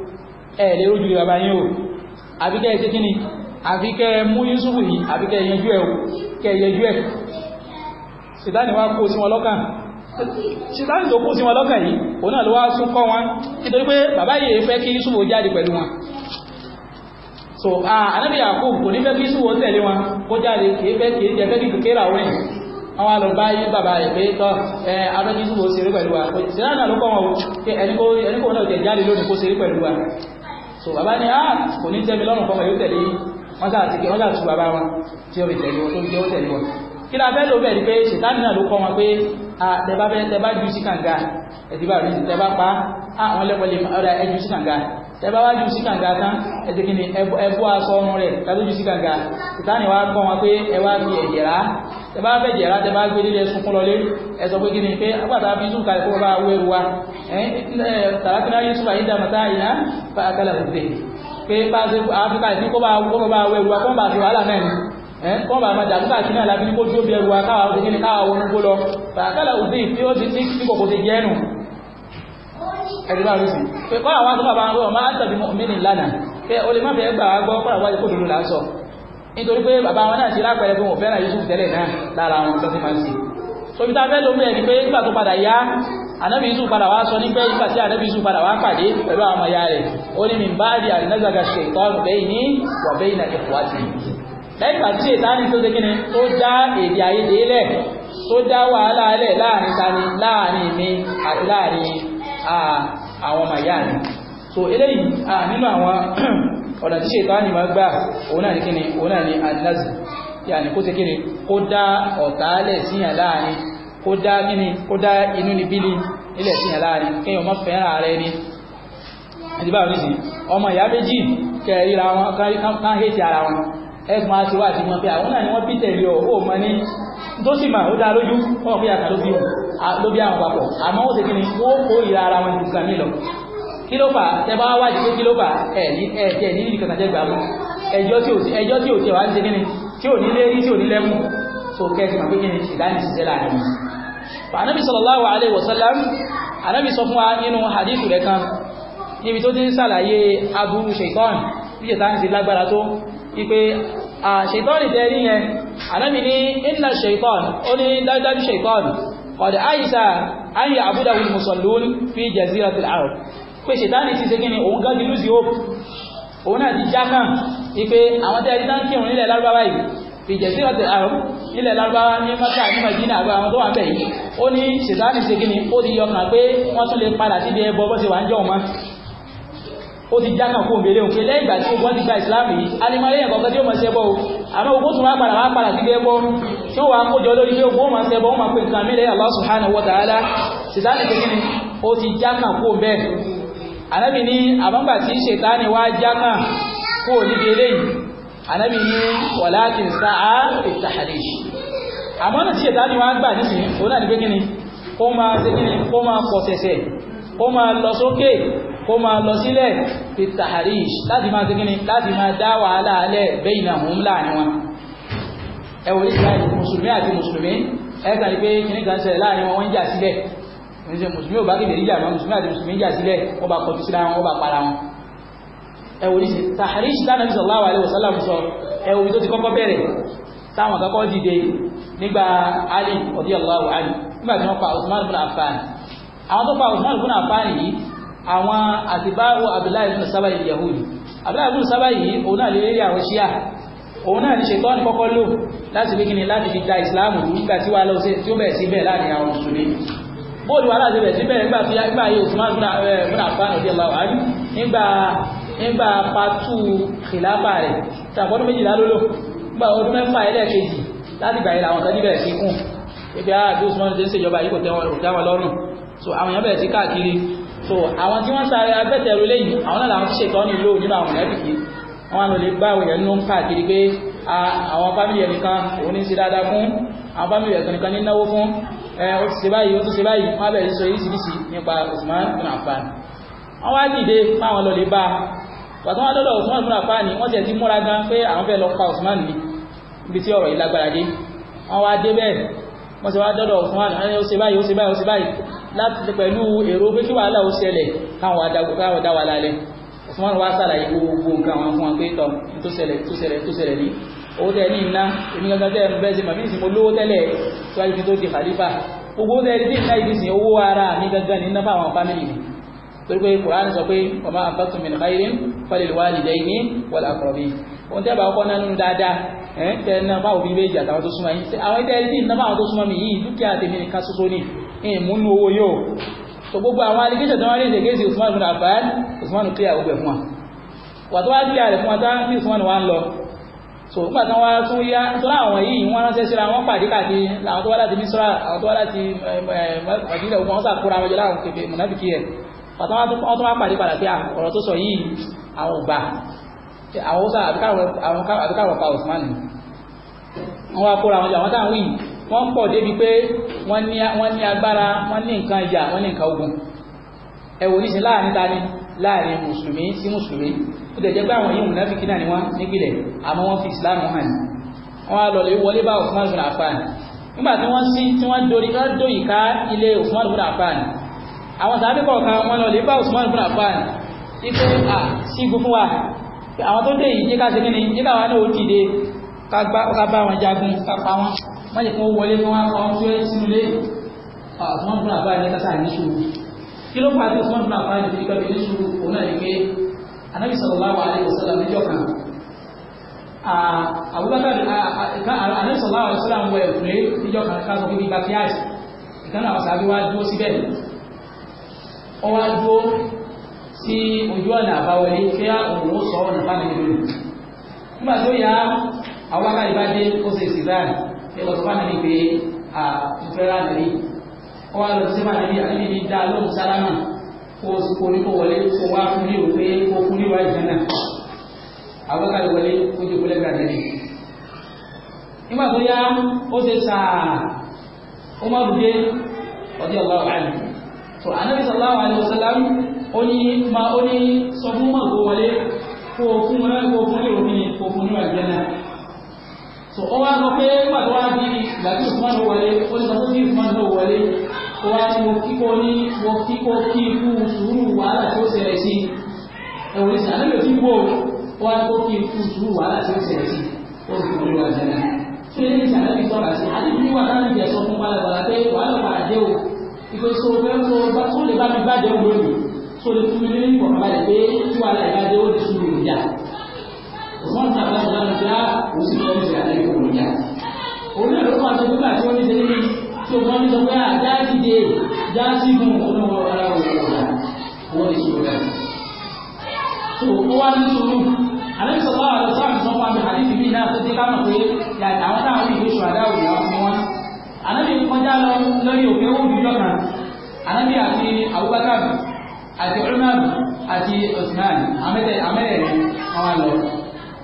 ẹ̀ lè rójú bàbá yín o àbíkẹ́ ẹ ṣe kí ni ẹ mú Yusuf yìí àbíkẹ́ ẹ yẹjú ẹ kẹ́ ẹ si wá kó sí wọn lọ́kàn sìtáni tó kó sí wọn lọ́kàn yìí òun náà ló wá sún kọ́ wọn nítorí pé so anábì Yakub kò ní fẹ́ kí Yusuf tẹ̀lé wọn kó jáde kìí fẹ́ fẹ́ kí kéèrà wọn àwọn bàbá tọ́ ẹ pẹ̀lú wa náà ló kọ́ wọn ẹni náà jẹ jáde lónìí wa so bàbá ni ah kò ní tẹ́mi lọ́rùn kọ́mọ yóò tẹ̀lé wọ́n sà ti wọ́n sà tu bàbá wọn tí ó fi tẹ̀lé wọn tó jẹ́ ó tẹ̀lé wọn kí la fẹ́ ló bẹ̀ ni pé ṣètánì náà ló kọ́ wọn pé tẹ́bá fẹ́ tẹ́bá ju sí kànga ẹ̀dìbà rí tẹ́bá pa àwọn lẹ́pọ̀ lè ọ̀dà ẹ̀jú sí kànga tẹ́bá wá ju sí kànga tán ẹ̀dìkì ni ẹ̀bú aṣọ ọrùn rẹ̀ tàbí ju sí kànga ṣètánì wá kọ́ wọn pé ẹ wá fi ẹ̀jẹ̀rá tẹ́bá fẹ́ jẹ̀rá tẹ́bá gbé lílẹ̀ sunkún lọlé ẹ sọ pé kí ni pé agbàtà fi sùn kalẹ̀ kó bá wẹ́rù wa tàbátìlá yusuf àyídàmọ́tà ìyá bá akálà òde pé bá a ṣe àfikà ìdí kó bá wẹ́rù wa kó bá a wàhálà náà kọ́ bá máa jàdúgbà kí náà lábí ní kó jó bí ẹrù akáwà ó ti kíni káwà wọn gbó lọ bàkálà òbí tí ó ti ní kí kòkó ti jẹ́ ẹnu ẹ̀rí bá rí sí pé kọ́ àwọn akọ́ bàbá wọn máa tàbí mí o lè má fẹ́ gbà gbọ́ kọ́ àwọn ikú dúdú lásọ nítorí pé bàbá wọn náà ti lápẹẹrẹ pé wọn fẹ́ràn Yusuf tẹ́lẹ̀ náà lára wọn tó ti máa ń sè sobi a fẹ́ lómi ẹni pé nígbà tó padà yá anabi Yusuf padà wá sọ nígbà nígbà tí anabi Yusuf padà wá pàdé pẹ̀lú àwọn ọmọ ya rẹ̀ ó ní mi bá di àdínágàgà ṣètọ́ bẹ́ẹ̀ ní wà bẹ́ẹ̀ ní lẹ́gbà tí ìtàní tó dékínni tó dá èdè àìyedè lẹ̀ tó dá wàhálà lẹ̀ láàrin tani láàrin mi àti láàrin àwọn ọmọ ìyá so eléyìí nínú àwọn ọ̀nà tí ìtàní máa gbà òun náà kíni òun náà ni alinazim yàní kó ti kíni kó dá ọ̀tá lẹ̀ síyàn láàrin kó dá kíni kó dá inú ni bílí ilẹ̀ síyàn láàrin kéèyàn má fẹ́ràn ara ẹni ẹ̀dí báwo ní sí ọmọ ìyá méjì ẹ̀sùn máa ti wá àti wọn pé àwọn náà ni wọ́n bí tẹ̀lé ọ̀ ó mọ ní tó sì máa ó dá lójú wọn fi àkà ló bí àwọn papọ̀ àmọ́ ó ti kí ni ó kó ìra ara wọn ju kan mí lọ kí ló fà tẹ bá wá jẹ kí ló fà ẹ ní ẹ tiẹ ní ìdí kankan jẹ gbà mú ẹjọ́ tí ò sí ẹjọ́ tí ò tiẹ wá ń ṣe kí ni tí ò ní lé rí tí ò ní lẹ́mú tó kẹ́sì máa pé kí ni ìdánìṣiṣẹ́ láàrin wọn. Ànábì sallallahu alaihi wasallam Ànábì sọ fún wa nínú hadith rẹ̀ kan níbi ṣètọ́nì tẹ́ rí yẹn anábì ní inna ṣètọ́n ó ní dájúdájú ṣètọ́n qad aisa an ya'budahu al-musallun fi jaziratil arab pé ṣètọ́nì ti ṣe kí ni òun gan di lùsì hope òun náà ti já kàn ipe àwọn tẹ́ẹ̀rí tán kírun nílẹ̀ lárúbáwá yìí fi jaziratil arab nílẹ̀ lárúbáwá ní mọ́tà ní madina àgbà àwọn tó wà bẹ̀ yìí ó ó ti já kan kó ń belé òfin lẹ́yìn ìgbà tí ogun ti gba ìsìláàmù yìí alimọ́lẹ́ yẹn kọ̀ọ̀kan tí ó máa ṣẹbọ o àmọ́ ogun tún wá padà wá padà sí ẹbọ tí ó wà á kójọ lórí pé ogun ó máa ṣẹbọ ó máa pe nǹkan mílẹ̀ Allah subhanahu wa ta'ala sìtáàlì pé kíni ó ti já kan kó máa lọ sílẹ̀ fi taharish láti máa ṣe kíni láti máa dá wàhálà alẹ́ bẹ́yìn náà mú láàrin wọn ẹ wò nípa mùsùlùmí àti mùsùlùmí ẹ kàn ní pé kíní kan ṣẹlẹ̀ láàrin wọn wọ́n ń jà sílẹ̀ ṣe mùsùlùmí ò bá kéde ìjà àwọn mùsùlùmí àti mùsùlùmí jà sílẹ̀ wọ́n bá kọjú síra wọn wọ́n bá para wọn nígbà tí wọ́n pa Usman ibn Affan àwọn tó pa Usman ibn Affan yìí àwọn àtibáwò abdullahi ibn sábàyí yahudi abdullahi ibn sábàyí òun náà lè rí àwọn ṣíà òun náà ní ṣetán kọ́kọ́ lò láti fi kíni láti fi da ìsìláàmù nígbà tí wàá lọ sí tí ó bẹ̀rẹ̀ sí bẹ́ẹ̀ láàrin àwọn mùsùlùmí bóòlù wàhálà ti bẹ̀rẹ̀ sí bẹ̀rẹ̀ nígbà tí nígbà yìí Usman múnà fún àwọn ọdíyàlá wà ní nígbà nígbà pàtó kìláàbà rẹ̀ tàbọ́dún méjìlá lólò ah, so àwọn èèyàn bẹ̀rẹ̀ sí káàkiri so àwọn tí wọ́n sáré abẹ́tẹ̀rù lẹ́yìn àwọn náà làwọn ṣètọ́ ní lò nínú àwọn mọ̀lẹ́bìkì àwọn àlọ́ lè gbá àwọn èèyàn nínú káàkiri pé àwọn fámìlì ẹnìkan òun ní ṣe dáadáa fún àwọn fámìlì ẹ̀sán nìkan ní náwó fún ẹ ó ti ṣe báyìí ó ti ṣe báyìí wọ́n bẹ̀rẹ̀ sọ oríṣiríṣi nípa Usman bin Affan wọ́n wá dìde fáwọn lọ lè bá pàtó wọn lọ́dọ̀ Usman bin Affan wọ́n ti ẹ̀ ti múra gan pé àwọn fẹ́ lọ pa Usman ni ibi tí ọ̀rọ̀ yìí lágbára dé wọ́n wá dé bẹ́ẹ̀ wọ́n ti wá dọ́dọ̀ Usman ó ṣe báyìí ó ṣe báyìí ó ṣe báyìí láti ṣe pẹ̀lú èrò pé kí wàhálà ó ṣẹlẹ̀ káwọn dá wa lálẹ́ Usman wá sàlàyé gbogbo nǹkan àwọn fún wa pé tọ́ tó ṣẹlẹ̀ tó ṣẹlẹ̀ tó ṣẹlẹ̀ ní owó tẹ́ ní iná èmi gangan tẹ́ ń bẹ́ẹ̀ sí màbí ìsìn olówó tẹ́lẹ̀ síwájú kí tó di khalifa gbogbo tẹ́ ní iná ibi sìn owó ara mi gangan ní iná fáwọn fámìlì mi torí pé Quran sọ pé ọmọ àfẹ́tù min khairin falil walidayni wal aqrabin ohun tẹ́ bá kọ́ náà nínú dáadáa ẹ̀ tẹ́ ẹ̀ ìmúnú owó yóò so gbogbo àwọn allegation tó wá rí ìdègéṣì Usman bin Affan Usman clear gbogbo ẹ̀ fún wa wà tó wá clear rẹ̀ fún wa tán bí Usman wá ń lọ so nígbà tán wá tún yá nítorí àwọn yìí wọ́n ránṣẹ́ síra wọ́n pàdé káàkiri àwọn tó wá láti Misra àwọn tó wá láti eh, eh, Madina ogun wọn sàkóra wọn jọ láwọn kèfè mùnàbìkì ẹ̀ pàtó wọn tún wá pàdé padà pé ah, ọ̀rọ̀ tó sọ yìí àwọn ò gbà àwọn àbíkàwọn pa Usman wọn wá kóra wọn jọ àwọn táwọn wíì wọ́n pọ̀ débi pé wọ́n ní agbára wọ́n ní nǹkan ìjà wọ́n ní nǹkan ogun ẹ̀wò ní sí láàrin ta ni láàrin mùsùlùmí sí mùsùlùmí ó dẹ̀jẹ́ pé àwọn yìí mùnáfíkí náà ni wọ́n nípìnlẹ̀ àmọ́ wọ́n fi ìsìláàmù hàn wọ́n á lọ lè wọlé bá Usman bin Affan nígbà tí wọ́n sí tí wọ́n dorí ká ni jẹ́ káwa náà ó dìde ká bá má jẹ́ kó wọlé kí wọ́n á kọ́ ọ́n sínú lé àwọn ọ̀gbọ́n àbá ilé kásá ní sùúrù kí ló pa àti ọ̀gbọ́n àbá ilé kásá ní sùúrù òun náà ní pé anábì sallallahu alaihi wasallam níjọ́ kan Abubakar anábì sallallahu alaihi wasallam wọ ẹ̀kúrẹ́ níjọ́ kan káàkó bíbí backyard ìkànnì àwọn sàbí wá dúró síbẹ̀ ọ wá dúró sí ojú ọ̀nà bá dé ó sì sì dáadáa ẹ̀wọ̀n tó bá nàbí pé àfẹ́rẹ́ àdàrí wọ́n á lọ sí bá nàbí àdàbí ní dá lóhùn sálámà kó kó ní kó wọlé kó wá fún ní òpé kó fún ní wáyé jẹ́ náà àbúkà lè wọlé kó jẹ́ kólẹ́gbẹ̀ àdàrí. nígbà tó yá ó ṣe sàá ó má rúdé ọdí ọlọ́wọ́ àlè tó ànábì sallallahu alaihi wasallam ó ní ma ó ní sọ fún mọ̀ kó wọlé kó fún ní òfin kó fún ní wáyé jẹ́ náà so ó wá sọ pé nígbà tó wá di ìgbà tí Usman ló wọlé ó ti sọ pé kí Usman ló wọlé ó wá ní mo kíkó ní mo kíkó kí ikú sùúrù wàhálà tí ó ṣẹlẹ̀ sí ẹ̀wọ̀n ìsìn àlejò tí kú ó wá kó kí ikú sùúrù wàhálà tí ó ṣẹlẹ̀ sí ó sì kúrò wà jẹ́ náà ṣé ní ìsìn àlejò sọ̀rọ̀ sí àti bí wà láti jẹ́ sọ fún balabala pé wàhálà wà á dé o ìgbé so fẹ́ so bá tó lè bá mi bá jẹ́ òun lónìí so lè fún mi ní ìfọ̀kànbalẹ̀ pé tí wàhálà ìbá dé ó lè sùúrù ìjà wọ́n ń tàbí àti láti dá òsì lọ sí àlẹ́ ìwọ̀n ìyá. òun náà ló máa sọ nígbà tí wọ́n ní sẹ́yìn ní tí òun ní sọ pé àdá dìde dá sígun ọ̀nà wọn ara wọn ọ̀la wọ́n ní sọ̀rọ̀ dá. tó o wá ní sọ̀rọ̀ àlẹ́ sọ̀rọ̀ àwọn sáà sọ fún àmì àdìsí mi náà tó dé ká mọ̀ pé àwọn táwọn ìwé sọ àdá òun làwọn fún wọn. àlẹ́ mi kọjá lọ lórí òkè òbí lọ́kàn àlẹ́ àti Abubakar àti Umar àti Usman amẹ́rẹ̀ẹ́rẹ́ wọn lọ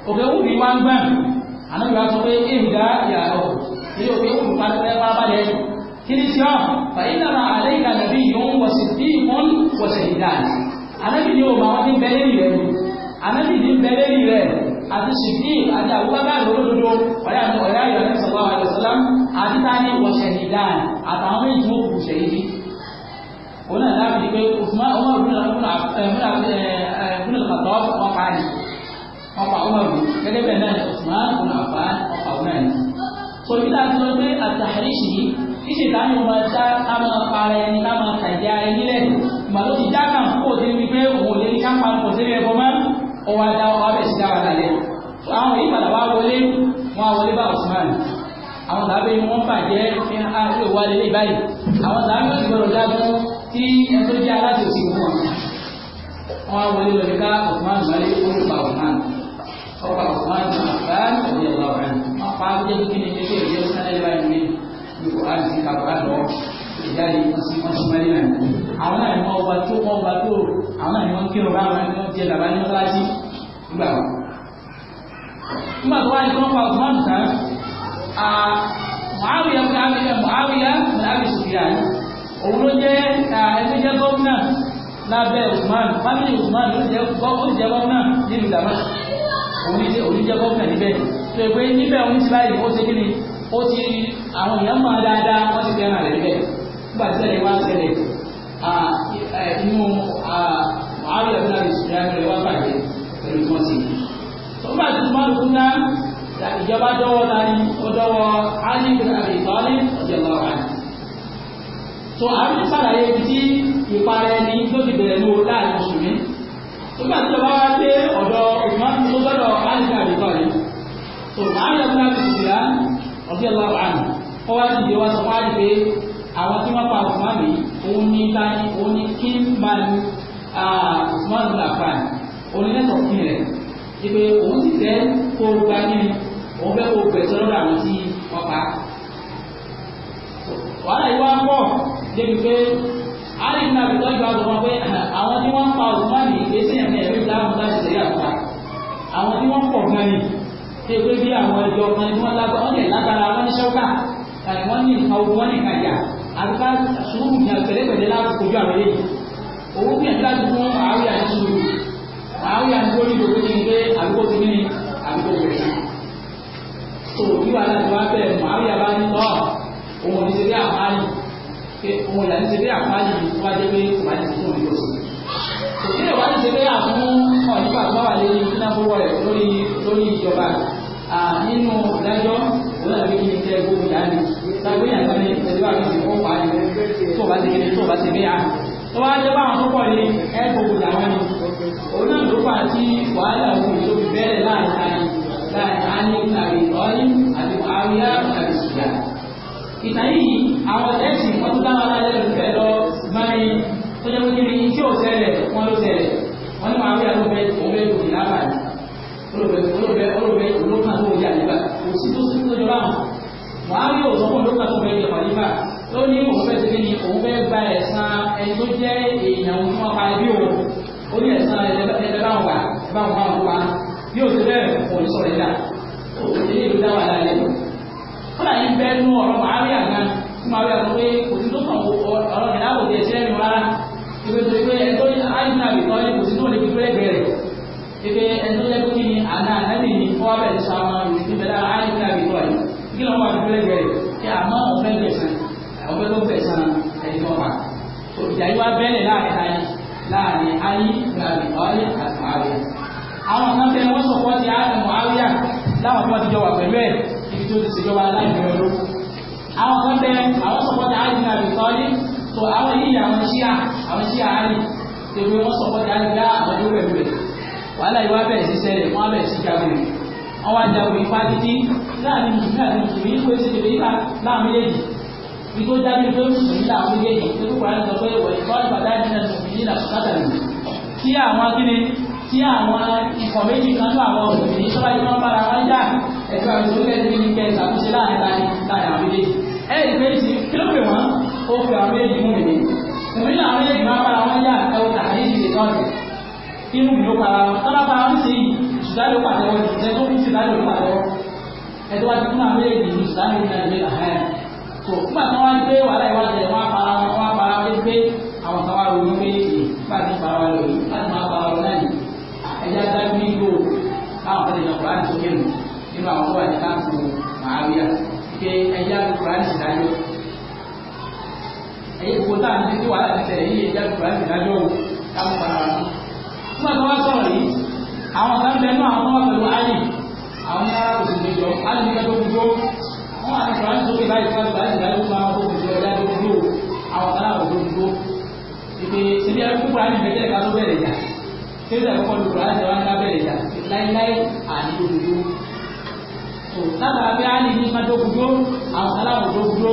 òkè wù mí wá ń gbà ànábi wa sọ pé ìgbà ìyàrá ìyá òkè wù mí wá ń gbà bá balẹ̀ kiri si ọ fàyínà náà alẹ́ ìka nàbí yòún wọ̀sì bí wọ́n wọ̀sì ìdá ànábi ni o ma wọ́n ti bẹ́ẹ̀ lé rẹ̀ ànábi ni bẹ́ẹ̀ lé rẹ̀ àti sìdí àti àwùbábá lòlódodo ọ̀yà ọ̀yà ayọ̀ ní sọ̀rọ̀ àwọn àlùsọ̀lám àti tani wọ̀sẹ̀ nìdáà àtàwọn méjì tó kù sẹ́yìn bí. òun náà dábìí pé Usman ọmọ ìbúnà ìbúnà ìbúnà ìbúnà ìbúnà ìbúnà ìbúnà ìbúnà ọ̀pá ọmọdé gẹ́gẹ́ bẹ́ẹ̀ náà ni Usman ibn Affan ọ̀pá ọmọdé. so ibi tá a ti lọ pé àtàríṣì kí ṣe ìdáni ọmọ ẹja ká máa para ẹni ká máa tàjẹ ara ẹni lẹ́nu ìmọ̀ ló ti já kàn kó dé ní pé òun ò lè ní ká pa kò sí ẹbọ mọ́ ọwọ́ ajá ọwọ́ abẹ́ sí dára lálẹ́ àwọn èyí padà wá wọlé wọn wọlé bá Usman àwọn làbẹ́ ni wọ́n bàjẹ́ fi hàn pé wà lélẹ̀ báyìí àwọn làbẹ́ ti gbọdọ̀ dájú tí ẹni jẹ́ aláṣẹ òsì fún wọn wọn wọlé lọ Usman lálẹ́ ó lè pa Usman ọba Usman bin Affan ọ̀rẹ́ ọ̀la ọ̀rẹ́ dia pa á dia, kí ni ẹgbẹ́ ìjẹ́ sálẹ̀ báyìí ní ipò jadi masih masih ìjáde wọn sí wọn sí mẹ́rin náà àwọn náà ni wọn ọba tó dia dapat tó àwọn náà Cuma tuan itu báwọn náà ni Ah, jẹ làbá ní ọlájí gbà wọn. nígbà tó wá ní wọn pa Usman tán Muawiya bin Abi Muawiya bin Abi Sufyan òun ló jẹ ẹgbẹ́ jẹ gómìnà oníjẹ́ gómìnà níbẹ̀ tó ẹgbẹ́ níbẹ̀ òun ti báyìí ó ti kí ni ó ti àwọn èèyàn máa dáadáa wọ́n ti fẹ́ràn rẹ̀ níbẹ̀ nígbà tí ẹ̀rẹ̀ wá ṣẹlẹ̀ inú ààrẹ ọ̀gbìn àti ìṣẹ̀lẹ̀ rẹ̀ wá bàjẹ́ pẹ̀lú tí wọ́n ti ní. tó bá ti máa lùkún náà ìjọba dọ́wọ́ láti ó dọ́wọ́ Ali bin Abi Talib ọ̀jẹ̀ lọ́ra tó àrùn sàlàyé ibi tí ìparẹ́ ni tó ti bẹ̀rẹ̀ ní o láàrin mùsùlùmí nígbà tí ọba dé ọ̀dọ̀ ìmáàmù tó gbọ́dọ̀ alìkà àdìkọ́ rẹ̀ tó láàrin ọ̀gbìn àti ìṣìlá ọ̀dí ọlọ́wọ́ àná ó wá sí ìdíwọ́ sọ fáàlì pé àwọn tí wọ́n pa àtùmá mi òun ní tani òun ní kí n máa ní àtùmá ní ni òun ní lẹ́tọ̀ọ́ fún rẹ̀ ìpè òun sì fẹ́ kó gba nínú òun fẹ́ kó gbẹ̀tọ́ lọ́dọ̀ àwọn tí wọ́n pa. wàhálà yìí wá pọ̀ débi pé àlì ní àbùtọ́ ìgbà tó wọn pé àwọn tí wọ́n pa òsùnmọ́nì ìgbésí ẹ̀mí ẹ̀rí dáhùn láti ṣe àbúrà àwọn tí wọ́n pọ̀ gan ni ṣe pé bí àwọn ẹjọ́ kan ni wọ́n lágbá wọ́n lẹ̀ lágbára wọ́n ní ṣọ́kà tàbí wọ́n ní nǹkan ogun wọ́n ní nǹkan ìyà àbíká sùúrù ní àgbẹ̀lẹ́gbẹ̀lẹ́ láti kojú àwọn eléyìí owó gbìyànjú láti fún àárín àti sùúrù àárín àti lórí ìdòwò ti ń gbé àdúgbò ti ní àdúgbò rẹ̀ pé òun ìlànà ṣe bí àfáàyè tó bá jẹ́ pé kò bá jẹ́ fún òun lọ́sùn. kò sí ìwà ní ṣe bí àfún ọ̀nìfà tó wà lórí kínáfówó rẹ̀ lórí lórí ìjọba nínú ìdájọ́ òun àbí kí n jẹ́ gbogbo ìdáni lágbóyè àgbáni ìtẹ̀síwá mi ti fún pàálí tó bá ti kiri tó bá ti bí a. tó bá jẹ́ báwọn púpọ̀ ní ẹ gbogbo ìdáwọn ni òun náà ló fà tí wàhálà òun ìjọ fi bẹ́ẹ̀ láàrin láàrin àní àbí ọ̀ní àbí àríyá àbí sùgbà. ìtàn yìí àwọn ẹ̀sìn wọ́n ti dáwọn aláìlẹ́ ìfẹ́ lọ máyí tó jẹ́ kí tí ò ṣẹlẹ̀ wọ́n ló ṣẹlẹ̀ wọ́n ní màmí àwọn òwe òyìn lábàá olùbẹ̀ olùbẹ̀ olùbẹ̀ olókàn tó yà nígbà kò sí tó sí tó jọ báwọn màmí ò sọ́kùn olókàn tó bẹ̀rẹ̀ wà nígbà ó ní òun fẹ́ ti ní òun fẹ́ gba ẹ̀san ẹni tó jẹ́ èèyàn tí wọ́n pa òun ó ní ẹ̀san ẹ̀dẹ̀ báwọn gbà báwọn báwọn pa bí fún wa wíwá pé kò sí tó kàn wọ ọ̀rọ̀ ìlà kò tiẹ̀ sílẹ̀ mi rárá ibi tó pé ẹ̀tọ́ àyìn náà bìtọ́ ni kò sí náà lè fi pẹ́lẹ́ bẹ̀rẹ̀ ibi ẹ̀tọ́ jẹ́ pé kí ni àná ànábì ni fún wa bẹ̀rẹ̀ sọ àwọn ìrètí bẹ̀rẹ̀ àyìn náà bìtọ́ yìí kí ló wà ní pẹ́lẹ́ bẹ̀rẹ̀ kí àmọ́ òun fẹ́ gbẹ̀sán àwọn fẹ́ ló gbẹ̀sán ẹni tó wà tó ìjà yìí wá bẹ́ẹ̀lẹ̀ láàrin ayé láàrin ayé láàrin ọ̀rẹ́ àti àárẹ̀ àwọn kan tẹ wọ́n sọ̀kọ́ ti àárẹ̀ mọ̀ àárẹ̀ láwọn kan ti jọ wà pẹ̀lú ẹ̀ ibi tó ti ṣèjọba aláìmọ̀ ọlọ́wọ́ àwọn kan bẹ àwọn sọpọ́tà àlì náà lè sọ́ọ́lì tó àwọn yìí àwọn ṣíà àwọn ṣíà àlì tèmi wọ́n sọpọ́tà àlì gbá àwọn yóò rẹ̀ rẹ̀ wàhálà yìí wá bẹ̀rẹ̀ sí ṣẹlẹ̀ wọ́n á bẹ̀rẹ̀ sí jagun wọ́n wá jagun ipá títí láàrin mùsùlùmí àti mùsùlùmí kó ṣe tèmi yípa láàrin méjèèjì bí tó dá mi pé mùsùlùmí làwọn méjèèjì tó kúkú àti sọ pé wọ̀nyí kọ́ọ̀lù bàtà ìdílé mùsùlùmí là sọ́tàlì tí àwọn akíní kan tó àwọn mùsùlùmí sọ́ba yìí wọ́n bára wọn já ẹ̀ka ìṣòro kẹ́sì ní kẹ́sì àkúṣe láàrin láàrin àwọn méjèèjì ẹ ìgbésí kí ló pè wọ́n ó fi àwọn méjì mú mi ní òmí ní àwọn méjì máa para wọn yá ẹwọ tàbí ìṣẹ̀lẹ̀ tọ́jú inú mi ló para wọn tọ́lá para wọn sí ìṣùdálẹ̀ pàtẹ́wọ́ ìṣẹ́ tó kún ìṣùdálẹ̀ pàtẹ́wọ́ ẹ̀dọ́ wa ti fún àwọn méjì ní ìṣùdálẹ̀ ìṣẹ̀lẹ̀ àhẹ́ tó fún àtàwọn wá gbé wàhálà ìwádìí wọn para wọn wọn para wọn gbé àwọn kan wá ronú pé ìgbà tí para wọn lòyìn láti máa para wọn náà ní ẹ̀yà dájú nígbò káwọn fẹ́ẹ́ lọ kó láti sókè nù nínú àwọn tó wà ní káàkiri màáríà pé ẹja kùránì ìdájọ́ ẹyẹ ìwò tá à ń dín ní wàhálà ti tẹ̀lé yìí ẹja kùránì ìdájọ́ o káwọn para wọn. nígbà tó wá sọ̀rọ̀ yìí àwọn kan bẹnu àwọn ọmọ pẹ̀lú ayé àwọn ará òṣèlú jọ ayé nígbà tó gbogbo àwọn àti kùránì tó kéka ìfọ̀ àti kùránì ìdájọ́ máa ń kó gbogbo ẹja tó gbogbo àwọn kan àwọn gbogbo ìpè ṣẹbi ẹni kúkúrú àti ìbẹ̀tẹ̀ ká tó bẹ̀rẹ̀ jà ṣé ìdàgbọ́n kọ́ so látara pé áyì ní ká dókúdó àwọn aláwọ̀ dókúdó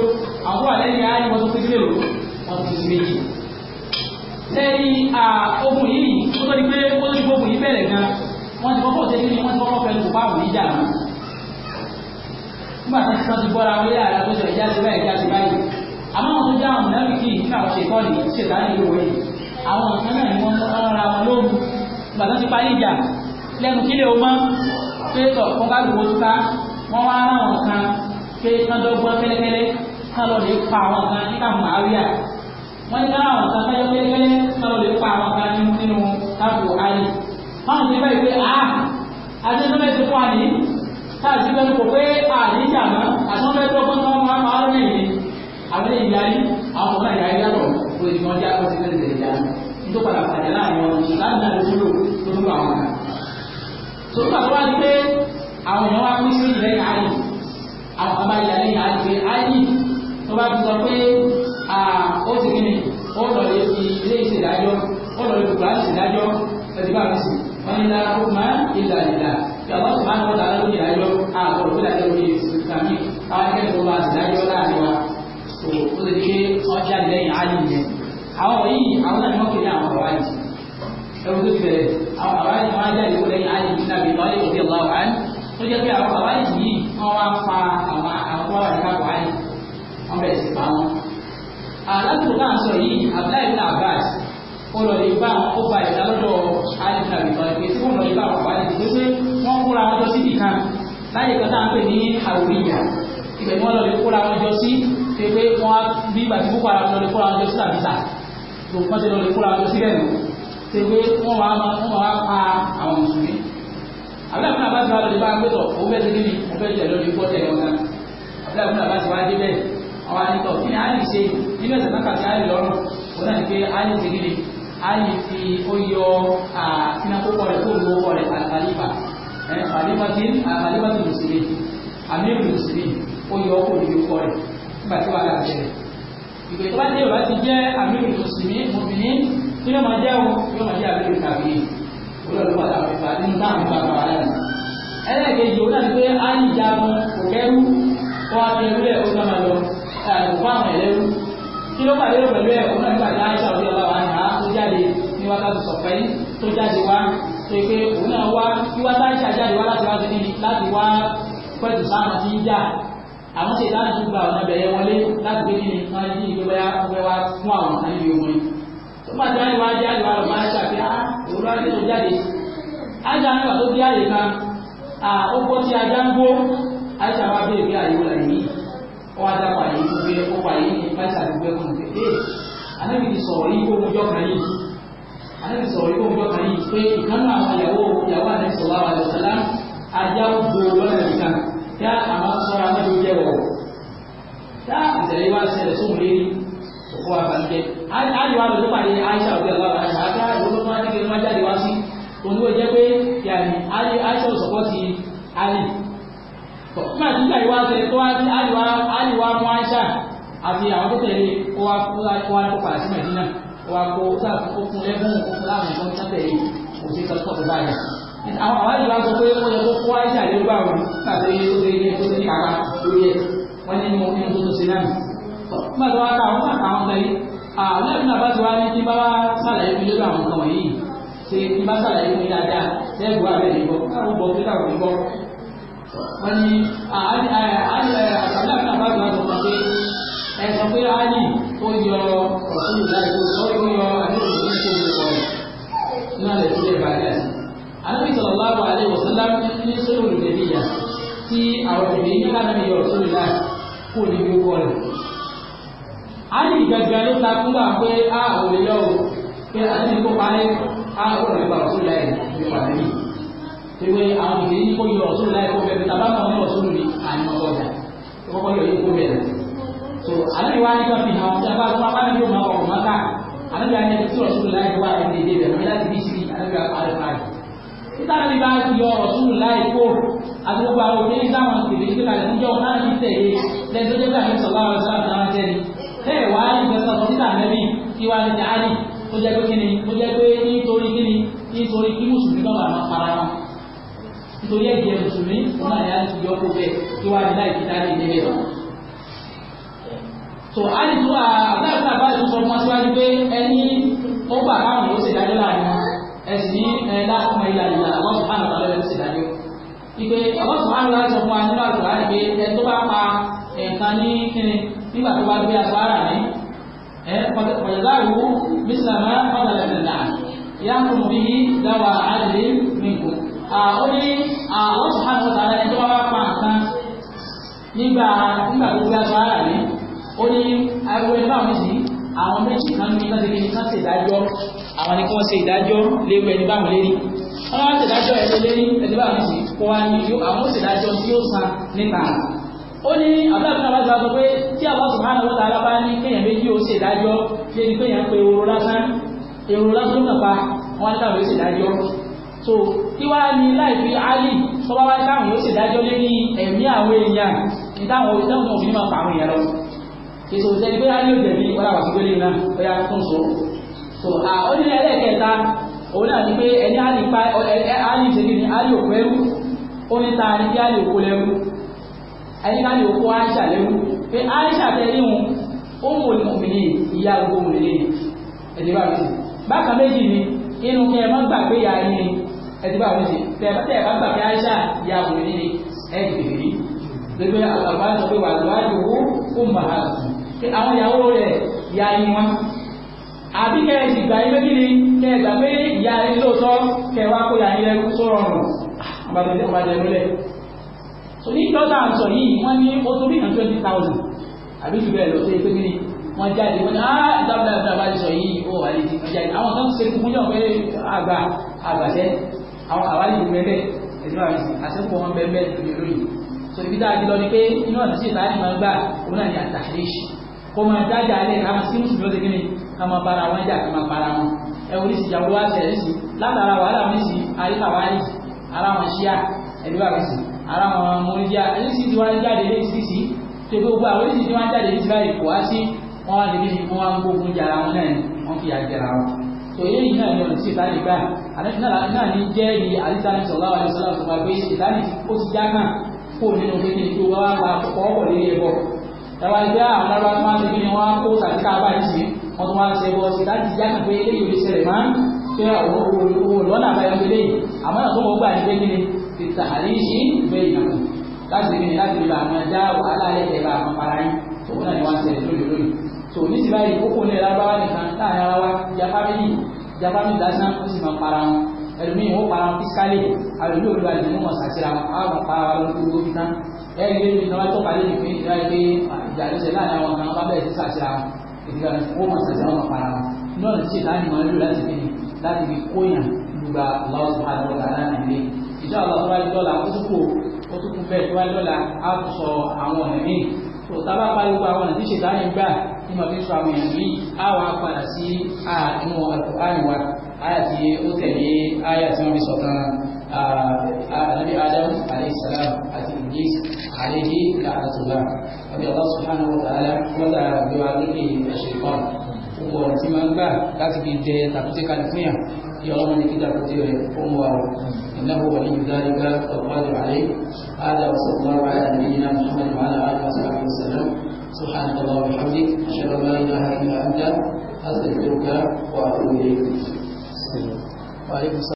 àwọn àlẹ́yìn áyì wọn tó fi kílè lò wọn ti fi méjì. sẹ́yìn ogun yìí ó tó di pé ó tó di ogun yìí bẹ̀rẹ̀ gan wọ́n ti kọ́kọ́ ṣe kíni wọ́n ti kọ́kọ́ fẹ́ lò pa àwọn ìjà wọn. nígbà tí wọ́n ti bọ́ra wọn yé àrà tó ṣe ìjà sí báyìí ìjà sí báyìí àmọ́ àwọn tó já àwọn mùnàfíkì nígbà wọn ṣe kọ́ ni ṣètà ní ìlú wọ̀nyí àwọn nǹkan náà ni wọ́n rọra wọn lóru gbàtọ́ ti parí ìjà lẹ́nu kílẹ̀ o mọ́ pé tọ̀ kọ́ bá lò ó wọ́n wá ráwọn kan pé kádọ́gbọ́n kẹ́lẹ́kẹ́lẹ́ kálọ̀ lè pa àwọn kan níta màáríà wọ́n ní káwọn kan kájọ́ kẹ́lẹ́kẹ́lẹ́ kálọ̀ lè pa àwọn kan nínú táàbù ayé wọ́n ti bẹ́ẹ̀ pé a adéṣọ́lẹ̀ ti fún àní káàdì bẹ́ẹ̀ kò pé àní ìjàmá àtúnbẹ́ tó fún wọn máa máa rìn ní àwọn ìyá yìí àwọn ọmọ ìyá yìí yàtọ̀ lórí ìmọ̀ ọjà kọ́sí lẹ́nu lè jà nítorí padà pàdé láàrin ọ̀rọ̀ láti náà lè tó lò tó tó àwọn kan. sọ́kà tó wá ní àwọn èèyàn wá pín sí ìlẹ́yìn àlì àwọn kan bá yà lẹ́yìn àlì pé àlì tó bá ti sọ pé ó ti kíni ó lọ lè fi ilé ìṣèdájọ́ ó lọ lè fi kùránì ìṣèdájọ́ ẹ̀dí bá mi sì wọ́n ní lára ó máa ń ìlà ìlà ìyàwó tó máa ń wọ́n dára lórí ìdájọ́ àgọ́ òfin àti orí ìsìnkàmí àwọn akẹ́kọ̀ọ́ bá ti dájọ́ láàrin wa tó ó lè ké ọjà lẹ́yìn àlì yẹn àwọn wọ̀nyí àwọn náà ni wọ́n kéde àwọn ọ̀rọ̀ àyè ẹ̀rù tó ti bẹ̀rẹ̀ àwọn ọ̀rọ̀ àyè wọn á jáde kó lẹ́yìn àlì nígbà bí tó jẹ́ pé àwọn bàbá yìí wọ́n wá fa àwọn àwọn àyíká wáyé wọ́n bẹ̀rẹ̀ sí pa wọn. alákùnrin náà sọ yìí abdullahi bin abbas ó lọ lè bá àwọn ọba ìdá lọ́dọ̀ alìkà bìbọn ìpè tí wọ́n lọ lè bá àwọn wáyé tó pé wọ́n kóra wọn jọ síbi kan láyé kan táà ń pè ní àwòrìyà ibẹ̀ ni wọ́n lọ lè kóra wọn jọ sí pé pé wọ́n bí ìgbà tí púpọ̀ àwọn lọ lè kóra wọn jọ sí tàbí tà lòpọ̀ tí lọ lè kóra wọn jọ sí lẹ́nu pé pé wọ́n máa pa àwọn mùsùlùmí abúlé àbúlé àbá ti wá lórí bá gbé tọ̀ òun fẹ́ segin ní òun fẹ́ jẹ lórí kọ́tẹ̀ wọn náà abúlé àbúlé àbá ti wá dé bẹ́ẹ̀ àwọn àyíkọ̀ kí ni àyè ṣe nínú ẹ̀sẹ̀ náà kàtí àyè lọ́rùn òun náà ní pé àyè segin ní àyè fi ó yọ àfinakókọ rẹ̀ fóònù kókọ rẹ̀ àlìfà àlìfà ti àlìfà ti lùsìlè àmì lùsìlè ó yọ fóònù kókọ rẹ̀ nígbà tí wàhálà bẹ̀rẹ̀ ìgbè tó bá dé ìwà ti jẹ́ àmì lùsìlè mọ̀bìnrin yóò máa jẹ́ àwọn yóò máa jẹ́ àmì lùsìlè lọ́dún padà fífa nínú táwọn ìgbà kan wàlẹ́ nù. ẹlẹ́ẹ̀kejì ó dàbí pé á ń jagun kò kẹ́rú kó a ti ẹrú ó sọ́mọ lọ kó fáwọn ẹlẹ́rú. kí ló pàdé pẹ̀lú ẹ̀ ó náà nígbà tí òbí ọba wa nà á tó jáde ní wákàtí sọ̀pẹ́ tó jáde wá ṣe pé òun náà wá kí wá táyà jáde wá láti wá sí níbi láti wá pẹ̀lú sáwọn tí ń jà àwọn ṣe láti gba ọ̀nà bẹ̀rẹ̀ wọlé láti gbé kíni wọn ní ìgbé bá fún àwọn àyè nígbà tí wọ́n wá jáde wá lọ máa ṣàfihàn òun lọ́wọ́ nínú jáde ajá nígbà tó dé àyè kan ó gbọ́ tí ajá ń gbó ajá wa bẹ̀rẹ̀ bí àyè wọlé yìí wọ́n ajá wà yìí tó gbé ó wà yìí ní pàṣẹ àdúgbò ẹ̀kọ́ nípa ẹ̀ anábì ti sọ̀rọ̀ yìí kó mojọ́ kan yìí anábì sọ̀rọ̀ yìí kó mojọ́ kan yìí pé ìkànnì àwọn ìyàwó ìyàwó anábì sọ̀rọ̀ àwọn àlọ́sọ̀lá ajá ń gbó lọ́nà ìkan yá àwọn sọ̀rọ̀ anábì jẹ́wọ̀ yá ìtẹ̀lé wa ṣẹlẹ̀ sóhun lérí ó wà bàjẹ́ àjọ wa lọ́dún pàdé Aisha òbí ọ̀gá ọ̀gá àṣà àti àjọ olóòtú wa nígbè má jáde wá sí òun ló jẹ́ pé yàrá àjọ Aisha ò sọ̀pọ̀ ti Ali nígbà tí ìgbà ìwà ṣe tó Ali wa mú Aisha àti àwọn tó tẹ̀lé ó wá kó wá kó padà sí Mẹ̀dínà ó wá kó ó fún lẹ́gbọ̀n ó fún láwọn ìfọ́n tó tẹ̀lé kò sí kọ́kọ́ tó báyìí àwọn àwọn àjọ wa sọ pé ó yẹ kó kó Aisha lé gbà wọn nígbà tó yẹ kó tẹ̀lé kó tẹ̀lé kàkà lórí ẹ̀ wọ́n ní mo ní mo tó tó ṣe náà nígbà tó wá ká àwọn kàkà àwọn ọmọ yìí àlẹ́bí náà bá ti wá ní kí bá wá sàlàyé fún lórí àwọn ọmọ yìí ṣe kí bá sàlàyé fún dáadáa lẹ́gbọ́ abẹ́rẹ́ ìbọn káwọn bọ̀ kí káwọn ìbọn. wọ́n ní àlẹ́bí náà bá ti wá sọ pé ẹ sọ pé áyì ó yọ ọ̀sùn láì ó yọ àdéhùn náà lè fi lè bàjẹ́ sí. Ànábì sallallahu alaihi wasallam ní sọ́lù ìdẹ́bíyà tí àwọn ìdẹ́bíyà náà yọ ọ̀sùn láì kó níbi ó kọ́ rẹ̀. Ali ìgbàgbà ló ta fún wa pé a ò lè yọ o pé àti ìkó parẹ́ a ò lè gbà ọ̀tún láì ní wà lẹ́yìn ewé àwọn ìdè yìí kó yọ ọ̀tún láì kó bẹ̀rẹ̀ tàbá kan ní ọ̀tún lórí àní ọkọ̀ ọjà tó kọ́kọ́ yọ yìí kó bẹ̀rẹ̀ tó àlejò wa nípa fi hàn ọjà bá wọn bá yóò máa ọ̀rọ̀ máa ká àlejò àti ẹni tí ọ̀tún láì wà ẹni ìdè rẹ̀ wọ́n láti bí sí àlejò àpárẹ̀ párẹ̀ títà náà bá yọ ọ̀tún láì kó àtúgbà òfin táwọn ìdè bẹ́ẹ̀ wá ìgbésẹ̀ ọ̀tọ̀ títà nẹ́bí tí wàá lẹ́jà á ní tó jẹ́ pé kíni tó jẹ́ pé nítorí kíni nítorí kí mùsùlùmí náà bàbá fara wọn nítorí ẹ̀jẹ̀ mùsùlùmí wọn náà yà ti yọ kó bẹ́ẹ̀ tí wàá ní láì fi dá lé lé tò á lè tó àbáyọ̀tà báyìí tó sọ fún wa síwájú pé ẹni ó gbà káwọn yóò ṣèdájọ́ láàrin wọn ẹ̀sìn ní ẹ̀dá ọmọ ilẹ̀ àdìlà àwọn sùhánù tàbí ẹ̀rọ ṣèdájọ́ ìpè nígbà tó bá gbé Eh, ara ní ẹ pọ̀jọ́dáwò mísàmá ọ̀dàlẹ̀dẹ̀dà ìyá kò mú bíi dáwà àdìrí nìkan. ó ní àwọn sùhánù ọ̀tà ara ẹni tó bá pa nǹkan nígbà nígbà tó gbé aṣọ ara ní ó ní ariwo ẹni báwọn ní sí àwọn kan ní láti lè ká ṣe ìdájọ́ àwọn ni kí wọ́n ṣe ìdájọ́ léwu ẹni báwọn lérí wọ́n wá ṣèdájọ́ ẹni lérí ẹni báwọn ní sí kó wá ní yóò àwọn san níta ó ní abúlé àbúlé sọ pé tí Allah subhanahu wa ta'ala bá ní kéèyàn méjì ó ṣe ìdájọ́ ṣe ni kéèyàn pé èrò lásán èrò lásán náà pa wọn ní káwọn ṣe ìdájọ́ so kí wá ní láì fi Ali tó bá wá káwọn ó ṣe ìdájọ́ lé ní ẹ̀mí àwọn èèyàn ní táwọn ìdáhùn náà fi máa pa àwọn èèyàn lọ èso ìṣẹ́ni pé Ali ò jẹ̀bi wọ́n àwọn àtúgbélé náà bóyá fún so so ó ní ẹlẹ́ẹ̀kẹta òun náà ni pé ẹni Ali pa Ali ṣe kí ni Ali ò pẹ́rú ó ní ta ni kí Ali ò lẹ́rú ẹni náà ni òkú aisha lẹ́rú pé aisha tẹ́lẹ̀ wọn ó mú olùmọ̀mìnì ìyá gbogbo òmìnir ẹ̀dẹ̀ bá mi sí bákan méjì ni inú kí ẹ má gbà pé ìyá yín ni ẹ̀dẹ̀ bá mi sí tẹ̀ bá gbà pé aisha ìyá òmìnir ni ẹ̀ gbèrè lẹ́gbẹ́ àgbà sọ pé wà lọ́wọ́ ó mà á sùn pé àwọn ìyàwó rẹ̀ ìyá yín wọn àbí kẹ́ẹ̀sì gbà yín méjì ni kẹ́ẹ̀gbà pé ìyá yín lóòótọ́ kẹ́ẹ̀ wá kó ìyá yín lẹ́rú sọ̀rọ̀ ọ̀rùn àbájẹ́ so ní ìjọba àṣọ yìí wọ́n ní ó tó rí ìyàn twenty thousand àbí jù bẹ́ẹ̀ lọ sí pé kíni wọ́n jáde wọ́n ní á ah, ìjọba ìjọba àṣọ yìí ó wà létí wọ́n jáde àwọn kan ṣe fún yàn pé àgbà àgbàṣẹ àwọn àwárí ìlú bẹ́ẹ̀ ẹ̀dí máa fi àṣepọ̀ wọn bẹ́ẹ̀ bẹ́ẹ̀ lórí lóyìn so ibi tá a ti lọ ni pé inú ọ̀nà sí ìtàn ìmọ̀ gbà òun náà ni àtàríṣì kó máa dájà alẹ́ ká máa sí mùsùlùmí lọ́sẹ̀ kíni ká máa bára wọn jà ká máa bára wọn ẹ wò ní ìsìyà wọ́n wá ṣẹlẹ̀ sí látara wàhálà wọn ní ìsìn àríkàwárí ara wọn ṣíà ẹ̀dí máa fi ara wọn mọ̀lẹ́díà ẹni sì ti wá jáde ní ìsìsì tó gbogbo àwọn ìsìsì wọn jáde ní ìsìláì kò wá sí wọn wá débi wọn wá ń gbógun jà ara wọn náà ni wọn fi àjẹrà wọn. tó yéyí náà ni ọ̀nà tí ìtàn ìgbà àlejò náà ní jẹ́ ní àlítàní sọ̀lá wa sọ̀lá tó máa gbé ìtàn ó ti já náà kó nínú kékeré tó wá wá kọ́ ọ̀pọ̀ lórí ẹ̀bọ̀. ẹ̀wá ìgbà àwọn ará tó máa ń tẹ̀lé wọn kó tàbíkà báyìí sí wọn tó máa ń ṣẹbọ sí láti já náà pé eléyìí ò lè ṣẹlẹ̀ máa ń fẹ́ òun lọ́nà àbáyọ̀ tàríṣì bẹ́ẹ̀ ìyàwó láti rí láti rí bàmọ́ já wàhálà ẹ̀ẹ́dẹ̀ bàmọ́ para yín òun náà ni wọ́n ń ṣẹlẹ̀ lórí lórí tò ní ti báyìí kókó ní ìlágbára nìkan láàrin ara wa japa méjì japa méjì lásán ó sì máa para wọn ẹlòmíì ó para wọn fisikálì àlòmíì olùwà ìdí mú wọn sàṣìra wọn á wọn para wọn lórí gbogbo fita ẹ̀rí lé mi náà tó parí nìkan ìdíra yìí pé ìjà ló ṣe láàrin àwọn kan wọn bá bẹ̀rẹ̀ sí sàṣìra wọn ìdíra ìṣe àwọn tó wáyé lọ́la ó tún kò ó tún kún bẹ́ẹ̀ tó wáyé lọ́la á tún sọ àwọn ọ̀nà míì tó tábà pariwo àwọn ọ̀nà tí ṣètánì gbà ní mọ̀ fi sọ àwọn èèyàn yìí á wàá padà sí àánú àlùkùránì wa áyà tí ó tẹ̀lé áyà tí wọ́n fi sọ̀kan ànábì Adam alayhi àti Iblis alayhi la'natullah àbí Allah subhanahu wa wọ́n tà gbé wa lókè ẹ̀ṣẹ̀ kan gbogbo ọ̀rọ̀ tí máa ń gbà láti fi jẹ tàbí tí California يرون كده كثير يقوم إنه ولي ذلك والقادر عليه هذا وصلى الله على نبينا محمد وعلى آله وصحبه وسلم سبحانك اللهم وبحمدك أشهد أن لا إله إلا أنت أستغفرك وأتوب إليك وعليكم السلام